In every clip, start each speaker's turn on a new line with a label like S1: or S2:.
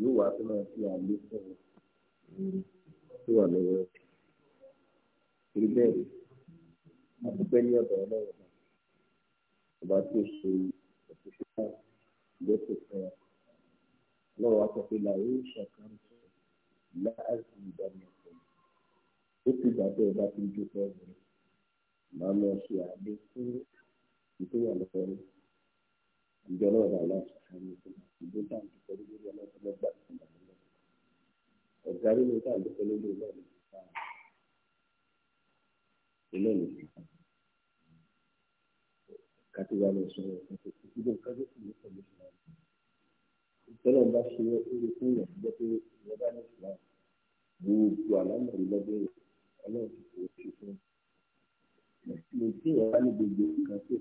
S1: yóò wá tó máa fi àlékún mm. tó wà lọ́wọ́ torí bẹ́ẹ̀ àdúgbẹ́ ní ọ̀dọ̀ ọlọ́run náà ọba tó ṣe òṣìṣẹ́ náà lẹ́sẹ̀ fún wa lọ́wọ́ akọ́kọ́ làwọn ìṣọ̀kan tó láàzì ìdánilẹ́kọ̀ọ́ ó ti gbà bẹ́ẹ̀ bá ti dúpọ̀ ọ̀rẹ́ màá lọ ṣe àlékún tó wà lọ́wọ́ rẹ̀ ìjọ náà bá aláṣọ fún mi fún ìgbó tá à ń dúpẹ́ lórí ọlọ́run tó lọ́gbà tó ń bàbá lọ́wọ́ ọ̀gá nínú tá à ń dúpẹ́ lórí ọlọ́run tó bá ilé mi kátó wà lọ sọ̀rọ̀ kátó gbogbo kátó kù ní pẹ̀lú ìṣúná ìtọ́lọ̀ bá ṣe wọ́n ó fún yàn jẹ́ pé ìyẹn bá ní ìṣúná gbogbo àlámọ̀ ìlọ́gbẹ́ ọlọ́run tó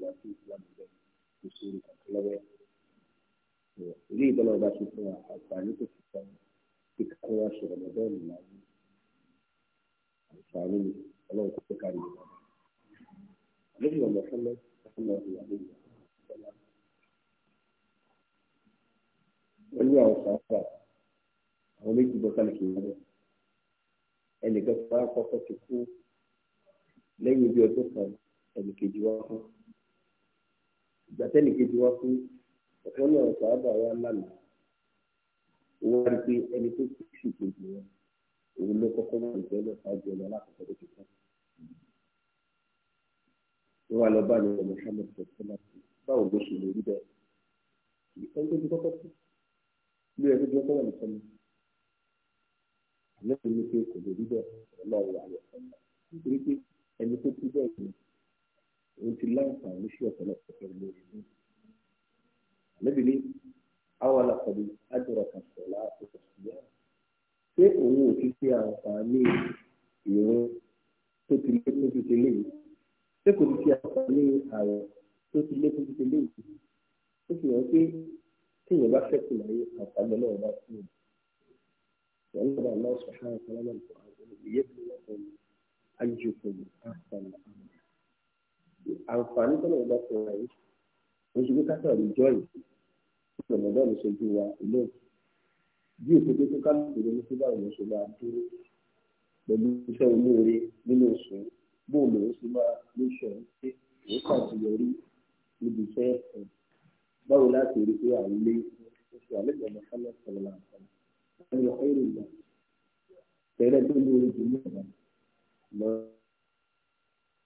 S1: kù ìṣòro àti lọ́wọ́ ilé ìbọ̀lọ̀ ọba ṣe fún wa àǹfààní tó ti sọ kíkà kí wọ́n ṣe ọ̀nà bẹ́ẹ̀ nìyá ní àǹfààní ni ọlọ́run kò fẹ́ kárí ìwà lórí ọ̀nà fẹ́lẹ́ ọ̀nà ìwà lórí ọ̀nà wọ́n ní àwọn sàáfà àwọn méjì bọ́ sálẹ̀ kìí lọ́wọ́ ẹnìkan fún akọ́kọ́ ti kú lẹ́yìn bí ọdún kan ẹnìkejì wá fún gbàtẹ́nì kejì wá fún ọ̀kan náà sàábà wa lánàá wọ́n wá rí pé ẹni tó kú
S2: sí kejì wọn
S1: òun ló kọ́kọ́ wà nípa ẹlẹ́ ṣáájú ẹni alákọ̀ọ́kọ́ tó ti tán. wọ́n wá lọ bá ní ọmọ Muhammad sọ̀tẹ́lá báwo ló ṣe lè rí bẹ́ẹ̀ ẹni tó ti kọ́kọ́ kú ló yẹ kó ti kọ́kọ́ wà nípa ẹni àlẹ́ mi ní pé kò lè rí bẹ́ẹ̀ ọlọ́run àlẹ́ ọ̀sán nítorí pé ẹni tó kú bẹ́ẹ̀ òun ti láǹfààní sí ọ̀pọ̀lọpọ̀ pẹ̀lú ìlú. Àlébi ní àwọn alàkọ̀bí ájọra kan sọ̀rọ̀ láti ọ̀sùn yá. Ṣé òun ò ti ṣe àǹfààní ìrún tó ti lékún ti ṣe léyìí? Ṣé kò ti ṣe àǹfààní ààrẹ tó ti lékún ti ṣe léyìí? Ó fi hàn pé téèyàn bá fẹ́ kùnà yé àǹfààní ọlọ́run bá fún un. Ìyàwó Allah subhanahu wa ta'ala ìyẹ́bí wọn kọ́ àǹfààní tó lọ́wọ́ bá fún wa yìí oṣù bí káṣá rí jọ́ọ̀yì ìrọ̀mọ́dọ́ mi ṣojú wa ìlú bí òkúté tó káàkiri ní síbà ìlú ṣe máa dúró pẹ̀lú iṣẹ́ olóore nínú oṣù bóòlù ó sì máa ló ṣe ń pé òun ṣàṣeyọrí níbi iṣẹ́ ẹ̀sìn báwo láti rí pé àwọn ilé oṣù àlejò ọmọ sálẹ̀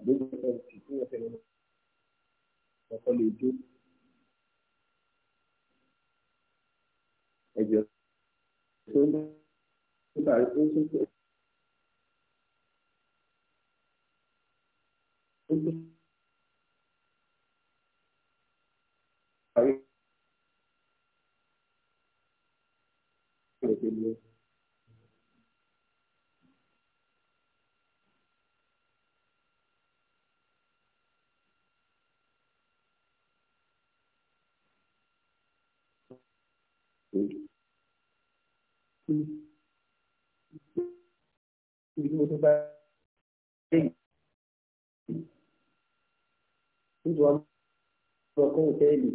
S2: àdéhùn ọ̀sẹ̀ ti fún ọ̀sẹ̀ lọ́nà ọ̀kọ́ lè jó ẹ̀jẹ̀ tó ń Thank you. ìlú tó bá dé nítorí wọn lọ kọ́ òtẹ́ẹ̀lì.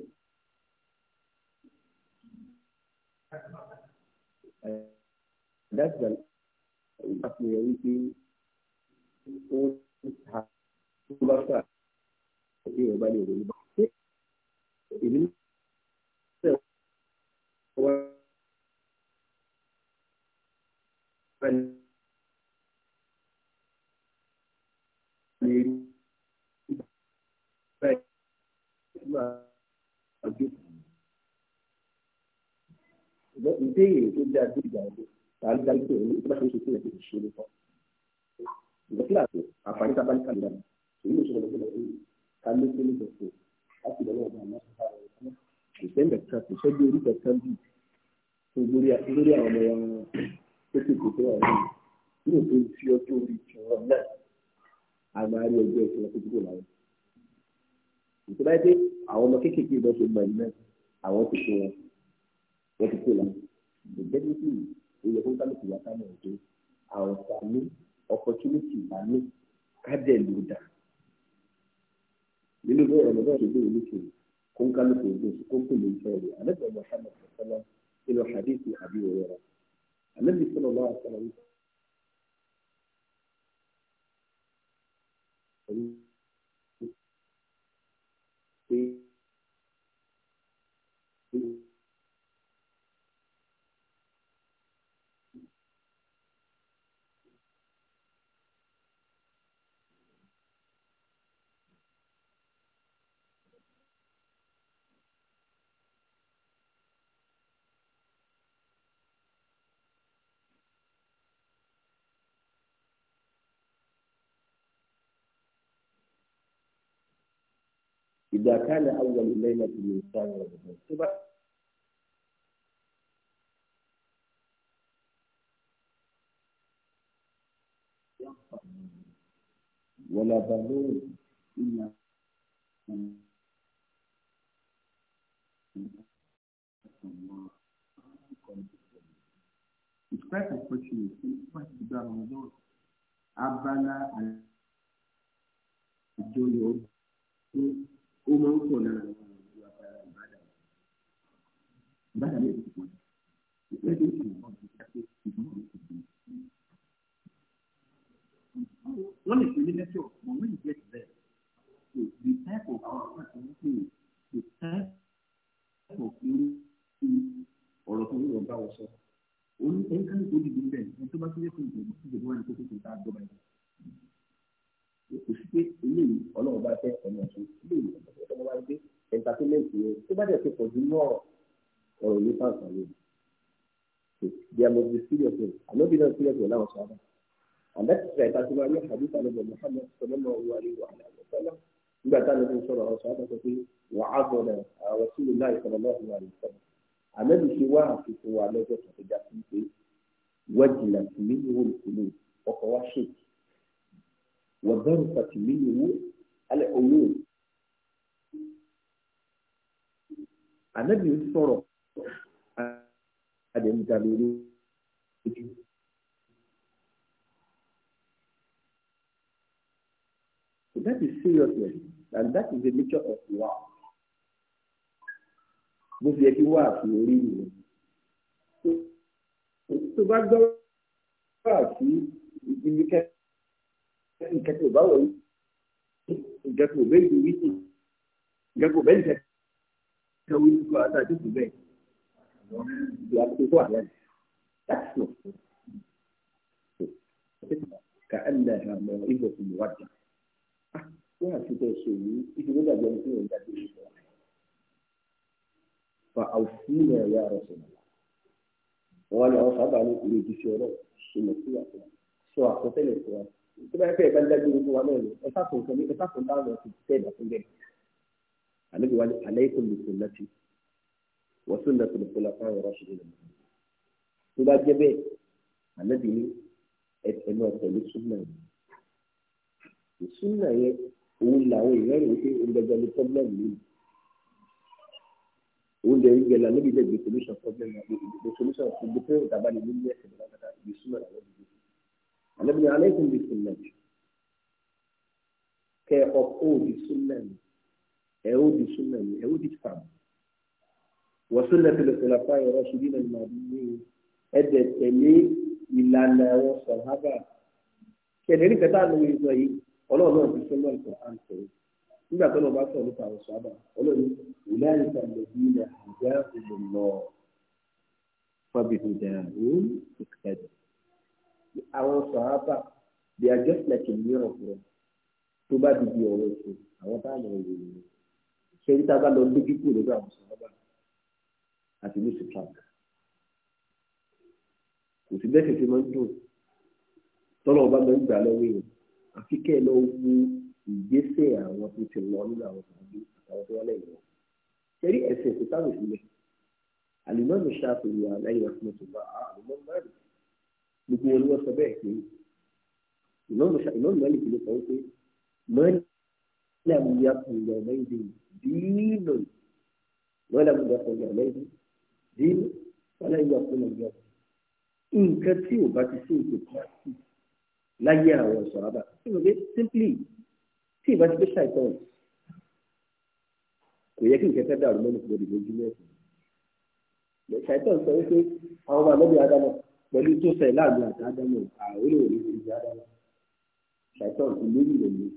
S1: Dájúdájú ìpàkìyàn wípé ó ń ta tó bá fà ó sì rẹ̀ bá lè ròyìn
S2: bá. Èmi náà ìbéèrè tó dáa sí ìgbà ọdún
S1: tàbí dájú pé òun bá ìṣẹ́ nìkan kò sẹ́jú orí kankan bì lórí àwọn ọmọ wọn tó ti kò tó wà lónìí yóò tó fi ọjọ́ orí tiwọn náà agbárí ọjọ́ ìṣẹ́ tó dúró láwọn. ìṣẹ́ báyìí pé àwọn ọmọ kéékèèké ìbọn ṣe mọ̀ ẹ̀ náà àwọn ti kó wọn wọ́n ti kó láwọn. ìgbẹ́dẹ́gbẹ́ ìyẹn fún kálukú wa ká mọ̀ pé àwọn sàmì opportunity ìbámu ká dẹ̀ ló dà. nínú bẹ́ẹ̀ ọ̀nà bẹ́ẹ̀ ló dé ìlú kó ń kálukú ojú oṣù kó kùn lóṣù rẹ̀ alẹ́bẹ̀ Muhammad sọ̀tọ́lá nínú hadithi àbí òwúrọ̀ alẹ́bẹ̀ sọ̀rọ̀ wá sọ̀rọ̀ yìí. Thank you. إذا كان أول ليلة للإنسان رمضان تبقى ولا بنون
S2: إلا It's quite unfortunate. It's quite bad on those.
S1: Abala and Joyo
S2: máa ń pọ̀ lára àwọn ìlú abala ìbàdàn ìbàdàn lè ti pọ̀
S1: ìpẹ́ tó ti wọ́n ti dáké ìgbọ́n mi ti dùn. wọ́n lè pè ní lẹ́tọ̀ mọ̀ wí ní get there so the type of our person ṣe the type of irú ọ̀rọ̀ tó ń lọ bá wọ sọ oní ẹ̀ka ní tó dìbò bẹ́ẹ̀ ẹni tó bá ti lẹ́kọ̀ọ́ ìgbẹ́ tó ti dìbò wà ní kókó tó ta àgbọ̀ báyìí kò sí pé eléyìí ọlọ́run bá fẹ́ ọ̀nà ọ̀sùn eléyìí ọ̀nà ọ̀sùn bá gbé entertainment yẹn tó bá dẹ̀ ti pọ̀ jù ní ọ̀rọ̀ ọ̀rọ̀ ní fáǹfà lónìí. they are must be serious o àná bí náà serious o láwọn sọ̀rọ̀ àná ti sọ̀rọ̀ ìta tí wọ́n rí àdúgbò àlejò Muhammad sọlọ́mọ wa ni wàhálà àlùfẹ́lá nígbà tá a lè fi sọ̀rọ̀ وذرفت منه العيون النبي sọ̀rọ̀ adẹnudàlórí ojú. So that is seriousness and that is the nature of war. Bó fi yẹ wá àfi orí ìwé. Tó bá gbọ́ wá àfi ìdílé kẹ́kẹ́ nǹkan tí ò bá wọ̀ yìí nǹkan tí ò bẹ́ẹ̀ ju wíìtì nǹkan tí ò bẹ́ẹ̀ nǹkan tí ò wíìtì kọ́ àtàtì kò bẹ́ẹ̀ ìyá tó tó àlẹ́ that's not ka ẹnlẹ àmọ ibò tó lè wájà wọn àti tẹ ṣe yìí ibi ló dàgbà ní ìwé ìdájọ́ ìṣẹ fa àwùjọ náà yà rẹ sọmọ wọn ni àwọn sábà ní ìrètí sí ọ̀rọ̀ sọmọ sí àpò fún wa tó bá yẹ fẹ́ ìbánidájú orúkọ wa náà ni ẹ sáfún nǹkan ní ẹ sáfún táwọn ọ̀sìn ti tẹ́ ìdàkún bẹ́ẹ̀. àlejò wa ní aleikum bi sunnati wa sunnati lè fọlá fáwọn ọ̀rọ̀ ṣùgbọ́n ìlànà. tó bá jẹ́ bẹ́ẹ̀ ànábì ní ẹnu ọ̀sẹ̀ ní súnà yẹn. súnà yẹn òun làwọn èèyàn rò wípé òun gbẹgbẹ ní pọ́blẹ́mù yìí. òun lè gbẹ lànà bí ànábì ní alaykum bi sunnati kẹ́ ọ̀ ó di súnà mi ẹ̀ ó di súnà mi ẹ̀ ó di fàm wa sunnati al-khulafa'i ar-rashidin al-mahdiyyin ẹ̀dẹ̀ tẹ̀lé ìlànà àwọn sàhábà kẹ̀lẹ́ ní kẹta àlọ́ ìzọ yìí ọlọ́run náà ti sọ́nà ìtàn àǹtẹ̀ nígbà tó lọ bá sọ̀rọ̀ nípa àwọn sàhábà ọlọ́run ìlà ìta lẹ́bí ilẹ̀ àjá ìlú lọ fọ́bìtì dàrú ìkẹ́dẹ̀ àwọn sọ̀hábà they are just like a mirror fún ọ tó bá di di ọ̀rọ̀ ètò àwọn bá lọ rè é ṣé ní tá a bá lọ lójú kù lórí àwọn sọ̀hábà àti ní sùtàkì kò sí bẹ́ẹ̀ tètè máa ń dùn tọ́lọ̀ ọba máa ń gbà lọ́wọ́ èèyàn àfi kẹ́ ẹ lọ wo ìgbésẹ̀ àwọn tó ti lọ nínú àwọn sàbí àtàwọn tó wá lẹ́yìn wọn ṣẹ́rí ẹ̀sìn kò sáwèsílẹ̀ àlùmọ́ọ̀nù ṣáàpù ìwà lẹ́yìn ọ̀sán tó bá àlùmọ́ọ̀nù gbogbo wọn ni wọ́n sọ bẹ́ẹ̀ pé ìlọ́nà mẹ́lìkì ló sọ wípé mẹ́lìkì ya kùn yà lẹ́yìn dínú mẹ́lìkì ya kùn yà lẹ́yìn dínú mẹ́lìkì ya kùn yà nǹkan tí ò bá ti sí ètò pàṣẹ láyé àwọn ọ̀sán àbá tí mo gbé simply tí ì bá ti gbé ṣàìtàn kò yẹ kí nǹkan fẹ́ dàrú mọ́nìkì lórí lójúmọ́ ẹ̀sìn ṣàìtàn sọ wípé àwọn ọmọ àlọ́bí adámọ́ pẹ̀lú tó sẹ̀ láàbù àti ádámù àwòrán òní ti di ádámù ṣàtọ̀ sí lórí ìròyìn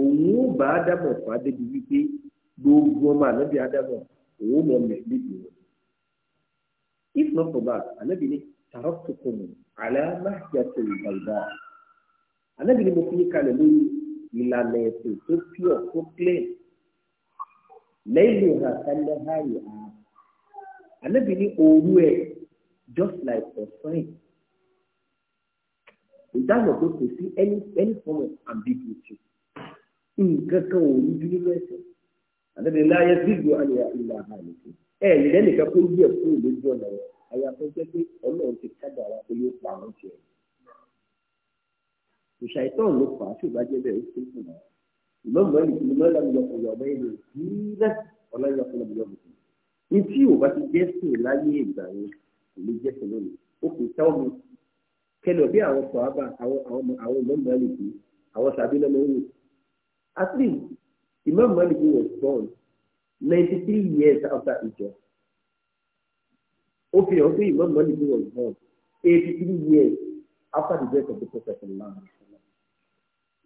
S1: òun ó bá ádámù fà á débi wípé gbogbo ọmọ ànábì ádámù òun mọ̀ mẹ́lì bì wọ́n. if not for that ànábì ní taraktukum ala mahjatil bayda ànábì ní mo fi kalẹ̀ lórí ìlànà ẹ̀sìn tó pure tó clean lẹ́yìn ìhà kálẹ̀ háyà ànábì ní òru ẹ̀ just like for friend. Ìdáhùn pé kò sí any any form of ambiguity. Nǹkan kan ò ní dúró lẹ́sẹ̀. Àdàbí ńlá ayé gbígbó àyè ìlà àlùkò. Ẹ ǹlẹ́ nìkan kó yí ẹ̀kú ìlójú ọ̀nà wọn. Àyà tó jẹ́ pé ọlọ́run ti kájà ara pé yóò pa àwọn jẹ. Ìṣàìtàn ló fà á tí ìbá jẹ́ bẹ́ẹ̀ ó ṣe fún wa. Ìmọ̀mù ẹ̀yìn tí mo lọ́ọ́ yọkùn yọ̀ ọ̀bẹ ìlú ìdílé ọ̀lọ́yọkùn lọ́ọ́ yọkùn. Ní tí ò bá ti jẹ́ sùn láyé ìgbà yẹn lè jẹ́ sùn lónìí ó kò tẹ́ ọ̀mù kẹlẹ̀ bí àwọn sọ̀hábà àwọn àwọn Imam Malik àwọn sàbí lọ́mọ wò at least Imam Malik was born ninety three years after ìjọ ó fi hàn pé Imam Malik was born eighty three years after the death of the Prophet Muhammad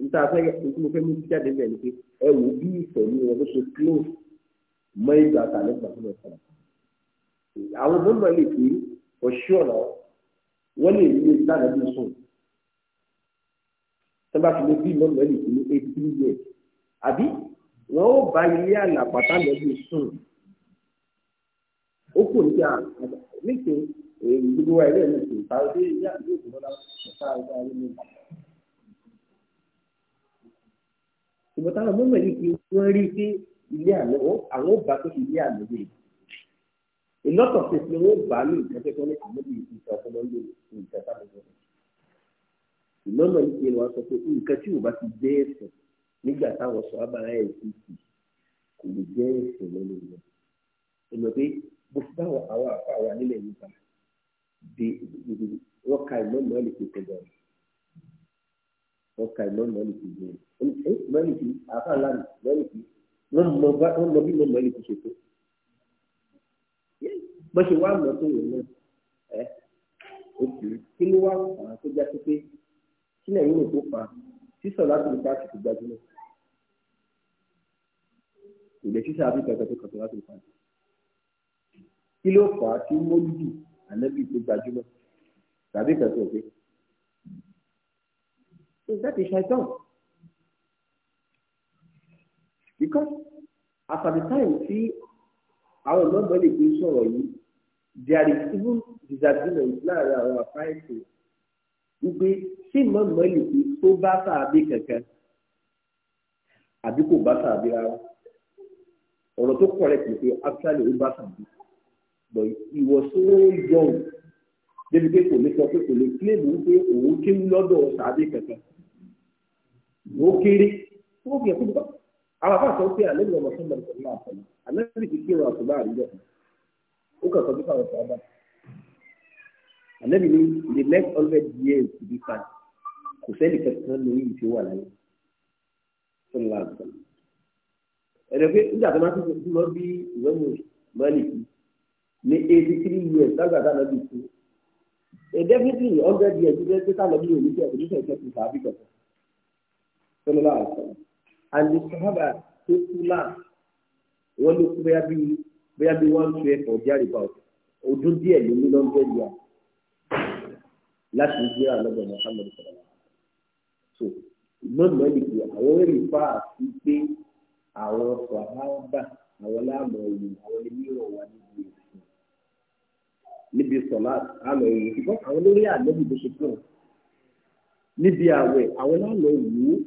S1: nta fẹ́ nkú fẹ́ mú jáde bẹ́ẹ̀ ni pé ẹ wò bí ìfẹ̀mí wọn ló ṣe close mọ́ ìgbà àtàlẹ́gbà tó lọ sọ̀rọ̀ àwọn Imam Malik òṣì ọ̀rọ̀ wọ́n lè ní èyí láti ẹbí sùn tọ́ba fi lè bí mọ́mọ́ ẹ̀lì fún eighteen years àbí wọ́n ó bá ilé àlàpàtà lẹ́bí sùn ó kò ní à níṣẹ́ èyí gbogbo wa ilé ìlú ìta ọdẹ ilé àdúgbò tó lọ́la ọ̀tá ọ̀tá ọdẹ ní ìgbà. ìbọ̀tà àwọn mọ́mọ́ ẹ̀lì fún wọn rí i pé ilé àlọ́ àwọn ò bá tó ilé àlọ́ yìí a lot of things ni wọ́n bá ní nǹkan tẹ́tọ́ ní àmọ́bí nǹkan tó máa ń lò nǹkan tá a lè sọ. ìmọ̀nà yìí ni wọ́n sọ pé nǹkan tí ò bá ti jẹ́ ẹ̀sẹ̀ nígbà táwọn sọ abàrá ẹ̀ sí sí kò lè jẹ́ ẹ̀sẹ̀ lẹ́nu rẹ̀. ìmọ̀ pé bó ti báwọn àwọn àfa wa nílẹ̀ nípa de wọ́n ka ìmọ̀nà lè pè tẹ̀lé rẹ̀ wọ́n ka ìmọ̀nà lè pè tẹ̀lé rẹ̀ ẹ̀ mọ̀lìkì àfa ńlá mọ̀lìkì wọ́n mọ bí mọ̀lìkì ṣètò bó ṣe wá lọ tó wò náà ẹ òkè kí ló wá fà á tó já sí pé sílẹ̀ yìí kò fà á sísọ láti lè bá àsìkò gbajúmọ̀ ìgbẹ́ sísọ àbí kankan tó kankan láti lè fà á kí ló fà á tí mólúdì ànábì tó gbajúmọ̀ tàbí kankan òfin so that is shaitan because after the time tí àwọn ìgbọ́ngbọ́n lè gbé sọ̀rọ̀ yìí there is even disagreement láàrin àwọn àfáìsì wípé ṣé ìmọ̀ mọ́lì pé tó bá sàábé kankan àbí kò bá sàábé rárá ọ̀rọ̀ tó correct ni pé actually ó bá sàábé but he was so young débi pé kò ní sọ pé kò lè claim wípé òun kéwú lọ́dọ̀ sàábé kankan ó kéré ó fi ẹ̀kú bọ́ àwọn afáàsọ pé àlejò ọmọ sọ́mọ̀ ìṣẹ̀lẹ̀ àtọ̀lá àlejò ti kí wọn àtọ̀lá àríyọ̀ kan ó kàn kọjú fáwọn sábà àlẹ́bí ni the next hundred years to be fine kò sẹ́ni kankan lórí ìfi wà láyé fún wa àgbà ẹ̀rọ pé nígbà tó máa tún lọ bí ìwẹ́mu mọ́lìkì ní eighty three years lágbàdá lọ́bí ìfú a definitely hundred years ti fẹ́ tá lọ́bí òní tí ọ̀kùnrin sọ̀rọ̀ sọ̀rọ̀ sàbí kankan fún wa àgbà and the sahaba tó kú láà wọ́n ló kú bẹ́yà bíi bóyá bí one twelve or there about ọdún díẹ̀ ló ní lọ́ńdẹ̀ yà láti ìgbéra lọ́dọ̀ Muhammad sọ̀rọ̀ so ìgbọ́n mẹ́rin pé àwọn eré ìfà àti pé àwọn sọ̀hábà àwọn láàmú ẹ̀yìn àwọn onímọ̀ wà níbi ìsìn níbi sọ̀lá àmọ̀ ẹ̀yìn ṣùgbọ́n àwọn olórí àlẹ́bí ló ṣe fún ọ níbi àwẹ̀ àwọn láàmú ẹ̀yìn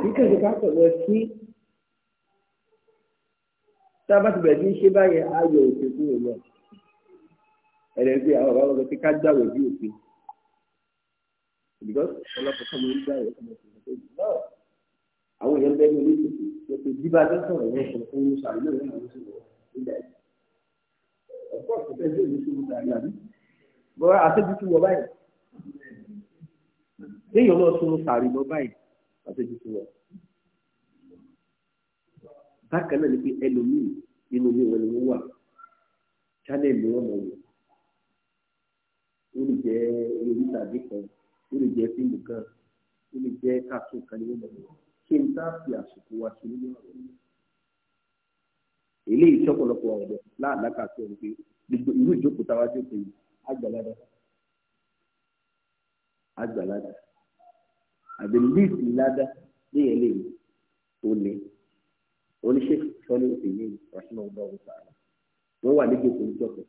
S1: kíkẹ́
S2: ìdíkà pẹ̀lú ẹtí
S1: tá a bá ti bẹ̀rẹ̀ sí ṣe báyẹn ayọ̀ òfin kúrò lọ ẹ̀rẹ́gbẹ́ àwọn bàbá wọn pé ká gbàwẹ̀ bí òfin because ọlọ́pàá kan ló ń gbà yẹn ọmọ ìṣẹ̀lẹ̀ tó yìí náà àwọn èèyàn bẹ́ẹ̀ ní olóṣèlú tó ti bí bá dẹ́sọ̀ rẹ̀ yẹn sọ̀rọ̀ fún oṣù àlọ́ rẹ̀ àwọn oṣù rẹ̀ nígbà yìí ọ̀pọ̀ ọ̀pẹ̀ tó yẹ kí oṣù àlọ́ àbí bọ́ra àtẹ́jú tó wọ báyìí léèyàn lọ sún oṣù àlọ́ báyìí àtẹ́jú tó wọ bákan náà ni pé ẹlòmíì nínú ilé wọn ni wọ́n wà channel ni wọ́n mọ̀ wọ́n ó lè jẹ́ eré tàbí kan ó lè jẹ́ fíìmù kan ó lè jẹ́ cartoon kan ni wọ́n mọ̀ wọ́n kí n tá fi àsìkò wa sí nínú àwọn ọmọ eléyìí sọ́pọ̀lọpọ̀ ọ̀dọ̀ láàlákà sí ọ̀rọ̀ pé gbogbo irú ìjókòó táwa tó pè é àgbàlagbà àgbàlagbà àbí líìsì ní ẹlẹ́yìn ó oníṣègùn sọ́lé òṣèlú rahman ọba ọ̀sà wọ́n wà níbi òkú ìjọba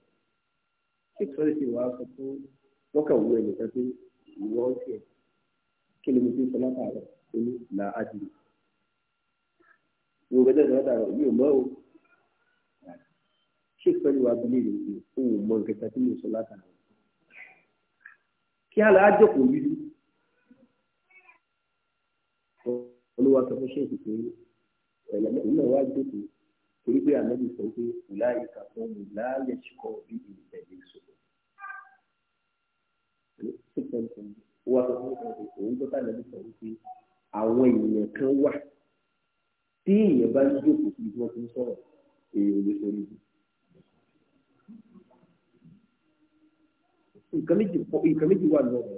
S1: ṣèkì sọ́lé ti wàá sọ fún wọ́n kà wú ẹnìkan pé ìwọ ń tiẹ̀ kí ni mo ti ń sọ látàrọ oní là á di ìwọ gbẹdẹ sọ látàrọ mi ò mọ o ṣèkì sọ́lé wàá bilé rè é òun mọ nǹkan tí mo sọ látàrọ kí á lọ yìí olúwa sọ fún ṣèkì sọ́lé ìmọ̀ wá jókòó torí pé ànábì sọ pé ìlà ìkàkọ́ mi láàyè ṣùkọ́ bí ìtẹ̀lé ìṣòro. ó wá sọ fún ọ̀sẹ̀ òun tó tàbí sọ wípé àwọn èèyàn kan wà tí èèyàn bá ń jókòó sí ibi wọn ti ń sọ̀rọ̀ èèyàn lè sọ̀rọ̀ ibi. nǹkan méjì nǹkan méjì wà lọ rẹ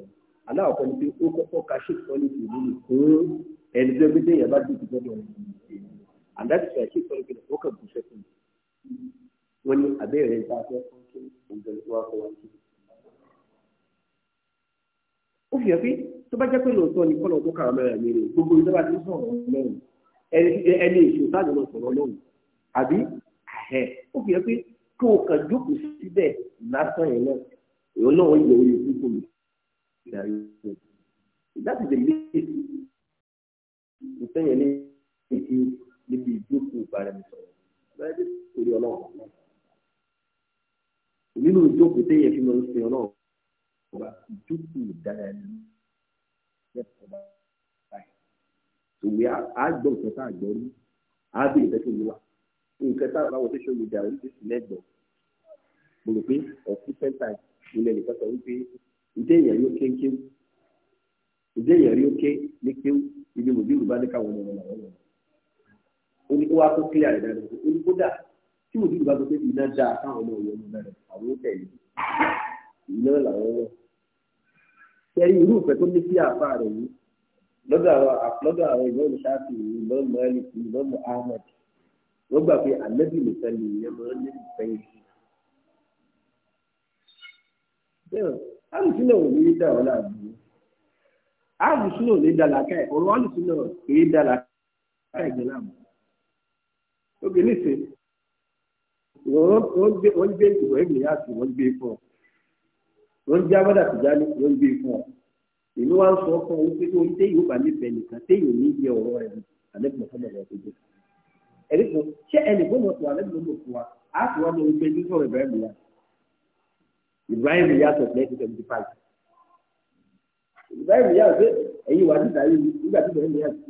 S1: aláwọ̀kọ́ ni pé ó kọ́kọ́ ka ṣèkọ́ ní ìlú nìkan ẹni tó gbé téèyàn bá dùn ìgbọ́dọ̀ èèyàn and that is why I keep telling people what can push it
S2: wọ́n ní abẹ́rẹ́ nípa
S1: fẹ́ fún kí ọ̀gbẹ́ni wá fún wa kí. ó fi to pé tó bá jẹ́ pé lóòótọ́ ni kọ́nà ọdún kàrámẹ́rẹ́ mi rè gbogbo ìjọba ti sọ̀rọ̀ lọ́rùn ẹni ẹni èso táàdì náà sọ̀rọ̀ lọ́rùn àbí àhẹ́ ó fi hàn pé o kàn jókòó síbẹ̀ lásán yẹn náà èèyàn náà wọ́n yẹ orí ìdúgbò mi. that is the limit ìtẹ́yẹn ní ìdí níbi ìjókòó ìbáraẹnisọ̀rọ̀ abẹ́rẹ́ torí ọlọ́run nínú ìjókòó téèyàn fi máa ń sin ọlọ́run ọba ìjókòó ìdára ẹni lẹ́kọ̀ọ́ bá báyìí àgbọ̀ nǹkan tá a gbọ́ rí nǹkan tá a bá wọ lẹ́gbọ̀ọ́ mo rò pé ilẹ̀ nìkan sọ wípé ké oní ó wá tó kílẹ̀ rẹ̀ dáadáa ó ní kódà tí òbí ìgbà tó pé iná da káwọn ọmọ ìyẹn mú bẹ̀rẹ̀ àwọn ó tẹ̀lé iná làwọn wọ̀. sẹ́yìn irú ìfẹ́ tó ní sí àfa rẹ̀ yìí lọ́dọ̀ àwọn lọ́dọ̀ àwọn ìmọ̀ọ́mù ṣáàfì yìí ìmọ̀ọ́mù ẹ̀lìkì ìmọ̀ọ́mù ahmed wọ́n gbà pé àlẹ́bí nìkan lè yẹ mọ́ ní ìfẹ́ yìí. bẹ́ẹ̀ alùsílẹ̀ ò ní dà ọ́ láàbù alùsílẹ̀ ò ní dà lákàì ọ̀rọ̀ alùsílẹ̀ kì í dà lákàì gbẹ̀láàmù lókè nísìn wọ́n gbé ìwọ̀ ẹ̀mí àti wọ́n gbé fún ọ wọ́n jẹ́ abádà tìjà ní wọ́n gbé fún ọ èmi wá ń sọ fún ọ wípé ohun téyì ó bá nífẹ̀ẹ́ nìkan téyì ò ní jẹ ọ̀rọ̀ rẹ̀ àlẹ́kùn fún ọ̀rọ̀ tó jẹ ẹ̀rí kan ṣé ẹnì gbọ́dọ̀ tó àlẹ́kùn ló fún wa á sì wá lọ wípé nísọ̀rọ̀ Ibrahim yá Ibrahim yá sọ pé ẹ̀sìn seventy five Ibrahim yá sọ pé ẹ̀yin wà nígbà yìí nígbà tí Ibrahim yá sọ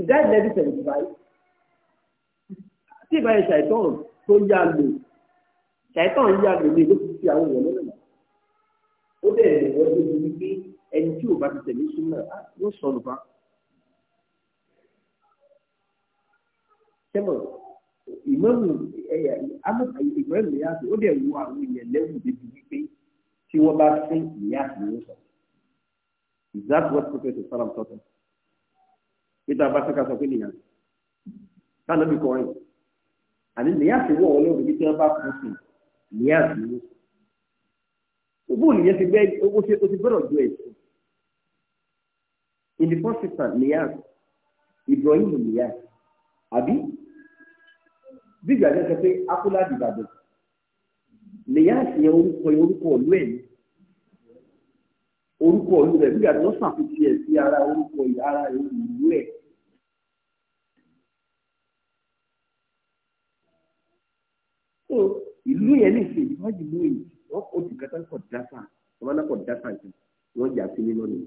S1: ìdá ìlẹ́bí seventy five tí ìbáyé ṣàìtàn tó yá lò ṣàìtàn yá lò ní ìlú fífi àwọn èèyàn lọ́nà ó bẹ̀rẹ̀ lọ́wọ́ tó ti wípé ẹni tí ò bá ti tẹ̀lé súnmọ́ ẹ̀ yóò sọnù bá. sẹ́mọ̀ ìmọ̀mù ẹ̀yà amọ̀tàyè ìmọ̀mù ìyá àti ó dẹ̀ wo àwọn èèyàn lẹ́wù débi wípé tí wọ́n bá fẹ́ ìyá àti ìyá sọ. exact what prophet salam sọ fún. peter abasaka sọ pé nìyà. káà lóbi kọ́ wáyé àbí nìyàtì wọ̀ wọlé òbí tí wọ́n bá kú sí nìyàtì wọ̀. Owó nìyẹn ti gbẹ́ owó ṣe o ti gbọ́dọ̀ ju ẹ̀sìn. In the first instance nìyàtì Ibrahim nìyàtì àbí bí ìgbàgbé sọ pé Akúlá dìbàdàn nìyàtì yẹn orúkọ yẹn orúkọ ọ̀lú ẹ̀ ní orúkọ ọ̀lú rẹ̀ bí ìgbàgbé wọ́n sàfikún ẹ̀ sí ara orúkọ ara ìlú ẹ̀. so ìlú yẹn ní ìṣe ìwádìí ìlú yìí wọ́n kó ojú kẹta kọ̀ dáfà wọ́n máa kọ̀ dáfà jù wọ́n jà sí nínú ni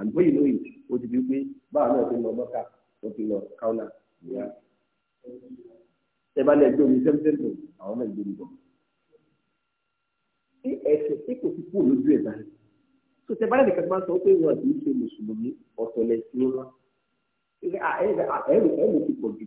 S1: àgbọ̀ ìlú yìí ó ti di pé báwa náà ti lọ mọ́ta ó ti lọ káwọ́nà ìyá ẹ bá lẹ́ẹ̀dọ́ mi sẹ́mítẹ́ntì àwọn náà gbé mi bọ̀ tí ẹ̀sìn tí kò fi kúrò lójú ẹ̀ báyìí tó tẹ báyìí nìkan tó máa sọ pé wọn kì í mùsùlùmí ọ̀tọ̀lẹ̀ sí wọn ẹ̀rù ẹ̀rù ti pọ̀ jù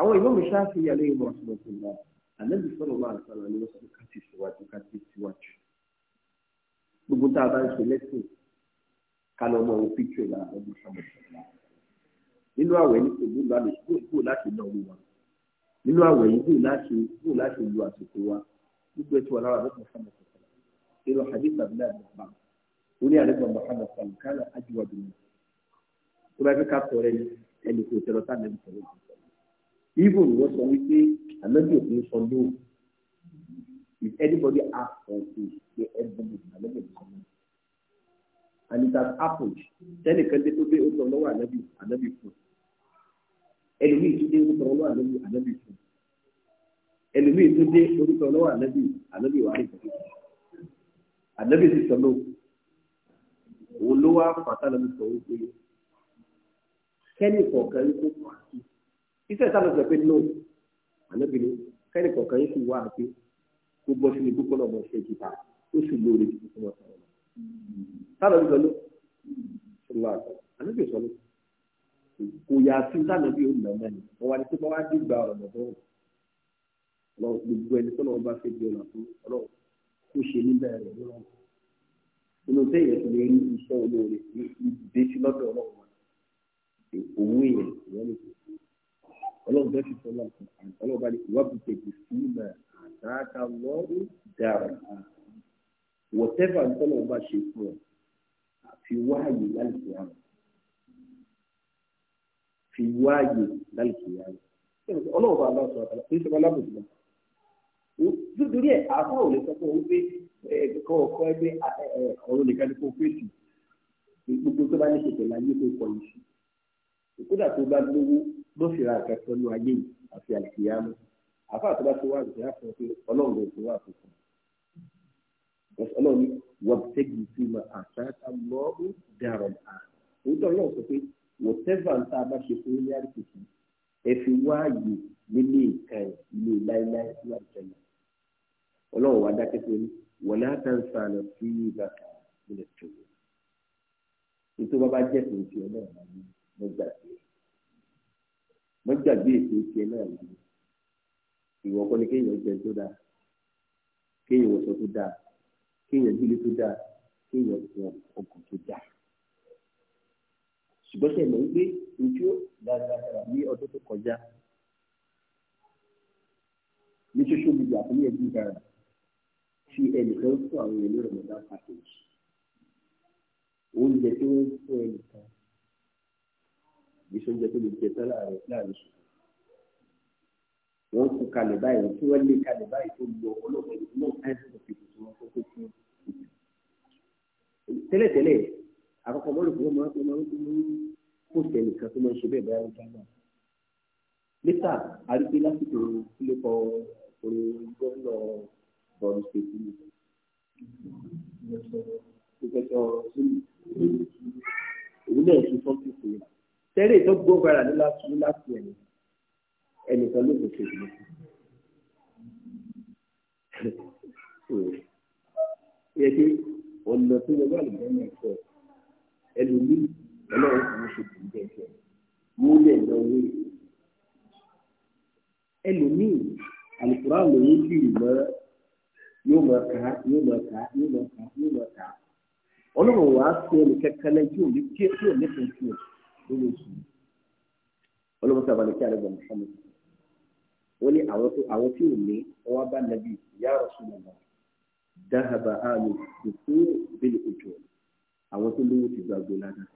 S1: àwọn ìmọ̀ mi ṣáà fi yàrá ìmọ̀ ọ̀sọ̀tún náà ànábì sọ̀rọ̀ máa sọ̀rọ̀ ni wọ́n sọ ká ti síwájú ká ti síwájú gbogbo tá a bá ń ṣe lẹ́sìn ká lọ mọ òun píkṣọ̀ ìlànà ọdún sọ̀rọ̀ nínú àwẹ̀ ní ìlú lálẹ́ kúrò láti lọ wù wá nínú àwẹ̀ yìí kúrò láti kúrò láti lu àsìkò wa gbogbo ètò alára lọ́kàn sọ̀rọ̀ sọ̀rọ̀ nínú hadith abdullahi abba orí àdébọ̀ muhammad sọ̀rọ̀ kálá ajíwájú mi tó bá fi ká even wọ́n sọ wípé ànábì òfin sọ you. if anybody asks for this, they everybody ànábì òfin sọ lóò and it has happened tẹnìkan dé tó dé ó sọ lọ́wọ́ ànábì ànábì fún ẹlòmíì tó dé I love you. ànábì ànábì fún ẹlòmíì tó dé ó sọ lọ́wọ́ ànábì ànábì wà ní ìfẹ́ ànábì I love you òun ló wá fàtà lọ́dún sọ wípé kẹ́nì kọ̀ọ̀kan yìí kó fà á sí i iṣẹ́ ìtàn ló sọ pé no ànábìrin kẹ́ni kọ̀ọ̀kan yìí sì wá àti kó bọ́ sínú ikú kọ́nà ọmọ ṣe jìbá ó sì lóore jù fún wọn sọ̀rọ̀ sábà ń sọ ló sọlá àgbà ànábìrin sọ ló kò yà sí sànàbí ó nà mẹ́rin wọn wá ní pé wọ́n á dé gba ọ̀nà tó rọ̀ gbogbo ẹni tó lọ́wọ́ bá fẹ́ di ọ̀nà tó rọ̀ kó ṣe níbẹ̀ rẹ̀ lọ́wọ́ ọlọ́run bẹ́ẹ̀ fi sọ lọ́wọ́ ọlọ́run bá ní ìwádìí tètè sí ìmọ̀ àtàkà lọ́rùn dára wọ́tẹ́fà ní tọ́lọ́run bá ṣe fún ọ fi wáàyè lálùkù yàrá fi wáàyè lálùkù yàrá ọlọ́run bá aláṣọ àtàlà kí n sọ́kọ́ alábòsí náà nítorí ẹ̀ àbá ò lè sọ pé òun pé ẹ̀ẹ́dẹ̀kọ́ ọkọ ẹgbẹ́ ọ̀run nìkan ní kó fèsì gbogbo tó bá ní ṣètò láyé tó kọ yìí kódà tó bá lówó ló sì ra àkàtà pẹ̀lú ayé yìí àti àlìkìyàmù àfa àtúbà tó wà àgbẹ̀ á fún pé ọlọ́run ló ti wà àfikún ọlọ́run wọ́pẹ́gì tí ma àṣàkà lọ́ọ́rù dàrọ̀ à òótọ́ ọlọ́run sọ pé wọ́tẹ́fà ń tá a bá ṣe fún ilé àdìsí ẹ fi wá àyè nílé ìkan ilé láéláé sí àdìsẹ́yìn ọlọ́run wà dákẹ́ pé wọlé àtàǹsà lọ sí ìbàkà ilẹ̀ tó nítorí bá jẹ́ pé ìṣẹ́ ọlọ́run máa mọ́jàgbé ètò ìṣe náà ni ìwọ kọ́ni kéèyàn jẹ tó dáa kéèyàn wọṣọ tó dáa kéèyàn gbélé tó dáa kéèyàn fọ ọkọ̀ tó dáa ṣùgbọ́n sẹ́yìn mọ̀ wípé ojú dáadáa ní ọdún tó kọjá ní social media àti ní ẹbí dára tí ẹnìkan fún àwọn ènìyàn lọ́dọ̀ package oúnjẹ tí wọ́n fún ẹnìkan yìí ṣe ń jẹ tó lè jẹ tán láàrin láàrin sùn wọn kú kalẹ̀ báyìí tí wọ́n lé kalẹ̀ báyìí tó lọ ọlọ́pàá ìlú náà káyọ̀ tó fi tuntun wọn kókó fún un. tẹ́lẹ̀tẹ́lẹ̀ àkọ́kọ́ bọ́ọ̀lù tó máa ń máa ń kó sẹ́ni kan tó máa ń ṣe bẹ́ẹ̀ báyìí ọjà náà. lẹ́tà àrígbé lásìkò ìlẹ́kọ̀ orin gómìnà bọ́ọ̀lù ṣètì ní pẹ́sẹ́ ọ̀rọ̀ sílù òun náà ṣe fọ́ọ̀tì fún yàrá sẹ́rẹ̀ tó gbó gbára ló láti ló láti ẹ̀mí ẹnìkan ló kòkè jù yẹ kí ọ̀nà tó yẹ wà lùdẹ́ náà sọ ẹlòmíì ọlọ́run kò ní ṣe kò ní jẹ́ ẹ̀ṣẹ̀ wọ́n lè lọ wé ẹlòmíì alùpùpù àwọn yìí bì mọ́ yóò mọ̀ ká yóò mọ̀ ká yóò mọ̀ ká yóò mọ̀ ká ọlọ́run wàá fi ẹnì kẹ́kẹ́ tí ò ní tí ò ní fún nínú oṣù ọlọ́mọta balẹ̀ kí alẹ́ bọ̀ Muhammad wọ́n ní àwọn tí ò ní wọ́n wá bá nàbí ya Rasulullah dáhàbà àmì ìfú bílẹ̀ òjò àwọn tó lówó ti gbàgbé lánàá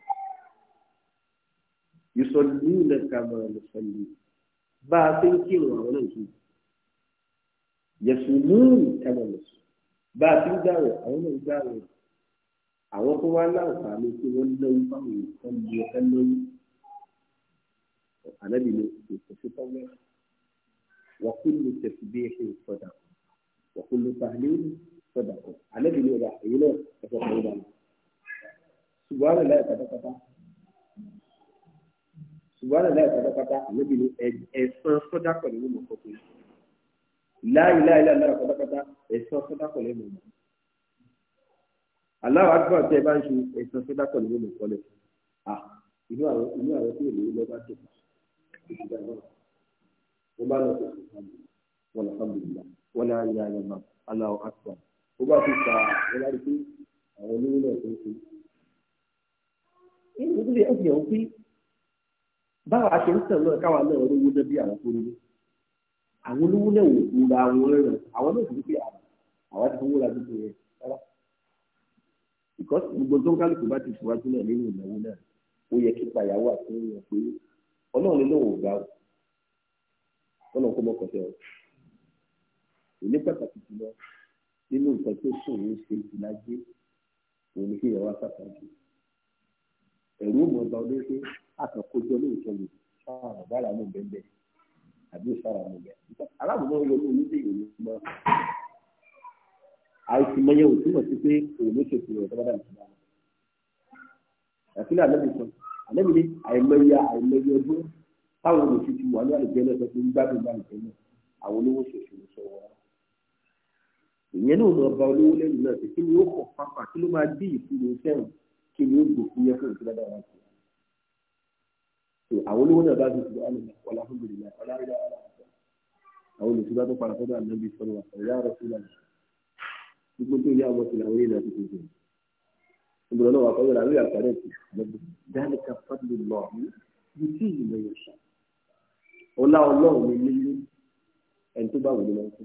S1: yusọ̀lú lẹ́ka máa lọ sọ́lú bá a fi ń kírun àwọn náà kí yẹ̀sùn mú ìtàwọn lọ sùn bá a fi ń dáwọ̀ àwọn náà ń dáwọ̀ àwọn tó wá láǹfààní tí wọ́n lẹ́wọ́ báwọn nǹkan di ọ̀fẹ́ lórí ànábì ni kò sí tọ́lẹ̀ wọ́n kú ló tẹ̀sí bí ẹ̀ṣẹ̀ sọ̀dà wọ́n kú ló ta léèrè sọ̀dà kọ̀ ànábì ni ọ̀dà èyí náà ẹ̀fọ́ kan wà lọ. ṣùgbọ́n àlẹ́ pátápátá ṣùgbọ́n àlẹ́ pátápátá ànábì ni ẹ̀sán sọ́dà kọ̀ lẹ́nu mọ̀ kọ́kọ́ láì láì láì láì pátápátá ẹ̀sán sọ́dà kọ̀ lẹ́nu mọ̀
S2: aláwọ àgbà tẹ
S1: bá ń ṣe ẹ̀sán sọdákọ ní ìlú kọlẹ à inú àwọn inú àwọn tí èlò lọ bá tẹ ìṣúgbà náà wọn bá lọ sí ìṣúgbà wọn alhamdulillah wọn náà yà yà máa aláwọ àgbà wọn bá fi ta wọn bá rí pé àwọn onímọ̀ náà tó ń ṣe. ẹni tó lè ẹsẹ̀ ọ̀hún pé báwa ṣe ń sàn náà káwa náà olówó náà bí àwọn tó ń àwọn olówó náà wò ó ra àwọn rẹ̀ àwọn náà sì ń pè àwọn àwa ti fowó ra tuntun yẹn because gbogbo tó ń kálukú bá ti fìwájú náà nínú ìnáwó náà ó yẹ kí payáwó àti ìyẹn pé ọlọ́run lè lóun ò ga o ọlọ́run kó mọ́kànṣẹ́ o ìní pàtàkì jùlọ nínú nǹkan tó sùn ní ṣe ìlàjẹ òun ni kí ìyàwó àtàkàjù ẹ̀rú mọ̀ọ́ba olóṣè àkàkójọ ní ìkẹyìn sáàrà bára mú bẹ́ẹ̀ bẹ́ẹ̀ àbí sáàrà mú bẹ́ẹ̀ aláàbò náà yọ ní oníṣẹ́ ìròyìn àìsìmọye ò túmọ̀ sí pé òun ló ṣètò rẹ̀ tó bá dà nígbà wọn. àfihàn àlẹ́bí sọ àlẹ́bí ní àìmọye àìmọye ọdún táwọn olùsí ti wà ní àìjẹ́ lọ́sẹ̀ tó ń gbádùn bá ìjẹ́ náà àwọn olówó ṣèṣirò sọ wọn. ìyẹn náà lọ bá olówó lẹ́yìn náà pé kí ni ó kọ̀ pápá kí ló máa dí ìṣirò sẹ́wọ̀n kí ni ó gbò fún yẹn fún ìtura dára sí i. àwọn olówó náà bá ti sọ àwọn olùsí bá tó padà sọ́dọ̀ àlẹ́bí sọ́dọ̀ àlẹ́ gbogbo tó yá ọmọ tó làwọn yìí náà ti tó jẹ ìgbọ̀n náà wà kọ́ lọ́la lórí àpárẹ̀ tì dáàlì ká fàdúrà lọ ní tí ìlú lọ yọ̀ṣà ọlá ọlọ́run ní nílé ẹni tó bá wù ní lọ sí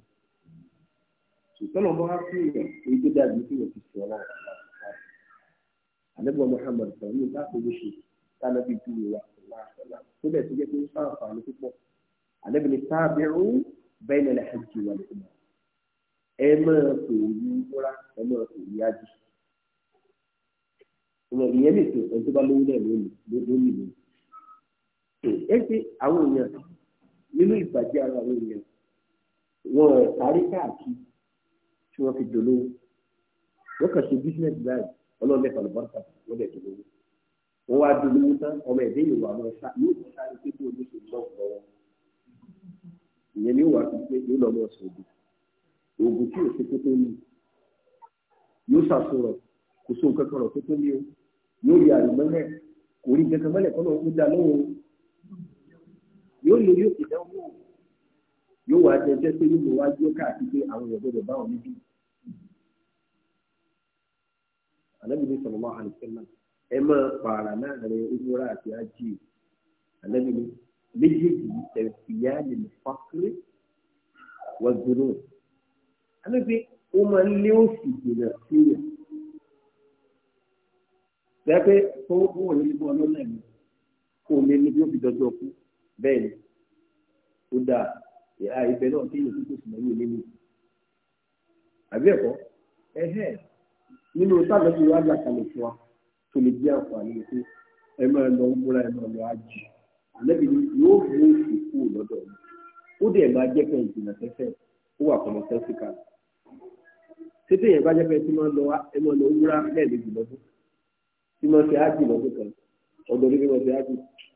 S1: ìtọ́nà bá wá fún ìyàn èyí tó dàbí fún ìyàn ti sọ ọlá àdébọ̀ Muhammad sọ ní ìta àpòjù ẹ máa pè ní múra ẹ máa pè ní ájú ìwọ ìyẹn lè tó ẹni tó bá lówó náà lónìí lónìí lónìí ẹ ṣe àwọn èèyàn nínú ìbàjẹ́ ara àwọn èèyàn wọn ò sáré káàkiri tí wọ́n fi dolówó wọ́n kàn ṣe bísíǹnẹ̀sì báyìí ọlọ́run mẹ́fà ló bá ń ta wọ́n lè dolówó wọ́n wá dolówó tán ọmọ ẹ̀dẹ́ yìí wà wọ́n yóò sáré pé kí oníṣègùn náà lọ́wọ́ ìyẹn ni ó wà pé yóò lọ́ sọ̀rọ̀ oògùn tí ò ṣe kó tó ní yóò ṣàṣọrọ kò sóhun kankan rọ kó tó ní o yóò rí àrùmọ́lẹ̀ kò rí kankan mọ́lẹ̀ kọ́ lọ́wọ́ dá lọ́wọ́ yóò lè yóò kì dáwọ́ yóò wá jẹ jẹ́ pé yóò mọ̀ wá yóò káàkiri pé àwọn èèyàn gbọ́dọ̀ bá wọn níbí. Ànábì ní sallallahu alaihi ẹ máa pààrà láàrin ìmúra àti ájì Ànábì ní méjèèjì ẹ̀fìyà lè fàkiri wọ́n dúró àmì pé máa ń lé òsì jìnnà síyàn bẹ́ẹ̀ pé owó kó ní bọ́ọ̀lù náà ni kó o lè ní bí ó fi bẹ́ẹ̀ ni ó dáa ìhà ibẹ̀ náà kí èèyàn tó sì máa yé àbí ẹ̀kọ́ ẹ̀hẹ́ nínú sáàlọ́bù wa gbà kalẹ̀ fún wa tó lè jẹ́ àǹfààní pé ẹ máa lọ múra ẹ máa lọ ájì àlẹ́bí ni yóò mú òsì kúrò lọ́dọ̀ mi ó dẹ̀ máa jẹ́ pé ìjìnà tẹ́fẹ́ ó wà pọ̀lọ́tẹ́síkà tètè yẹn bá jẹ́ pé tí máa ń lọ ẹ máa lọ wúrà lẹ́ẹ̀mejì lọ́dún tí máa ṣe ájì lọ́dún kan ọ̀dọ̀ ní bí máa ṣe ájì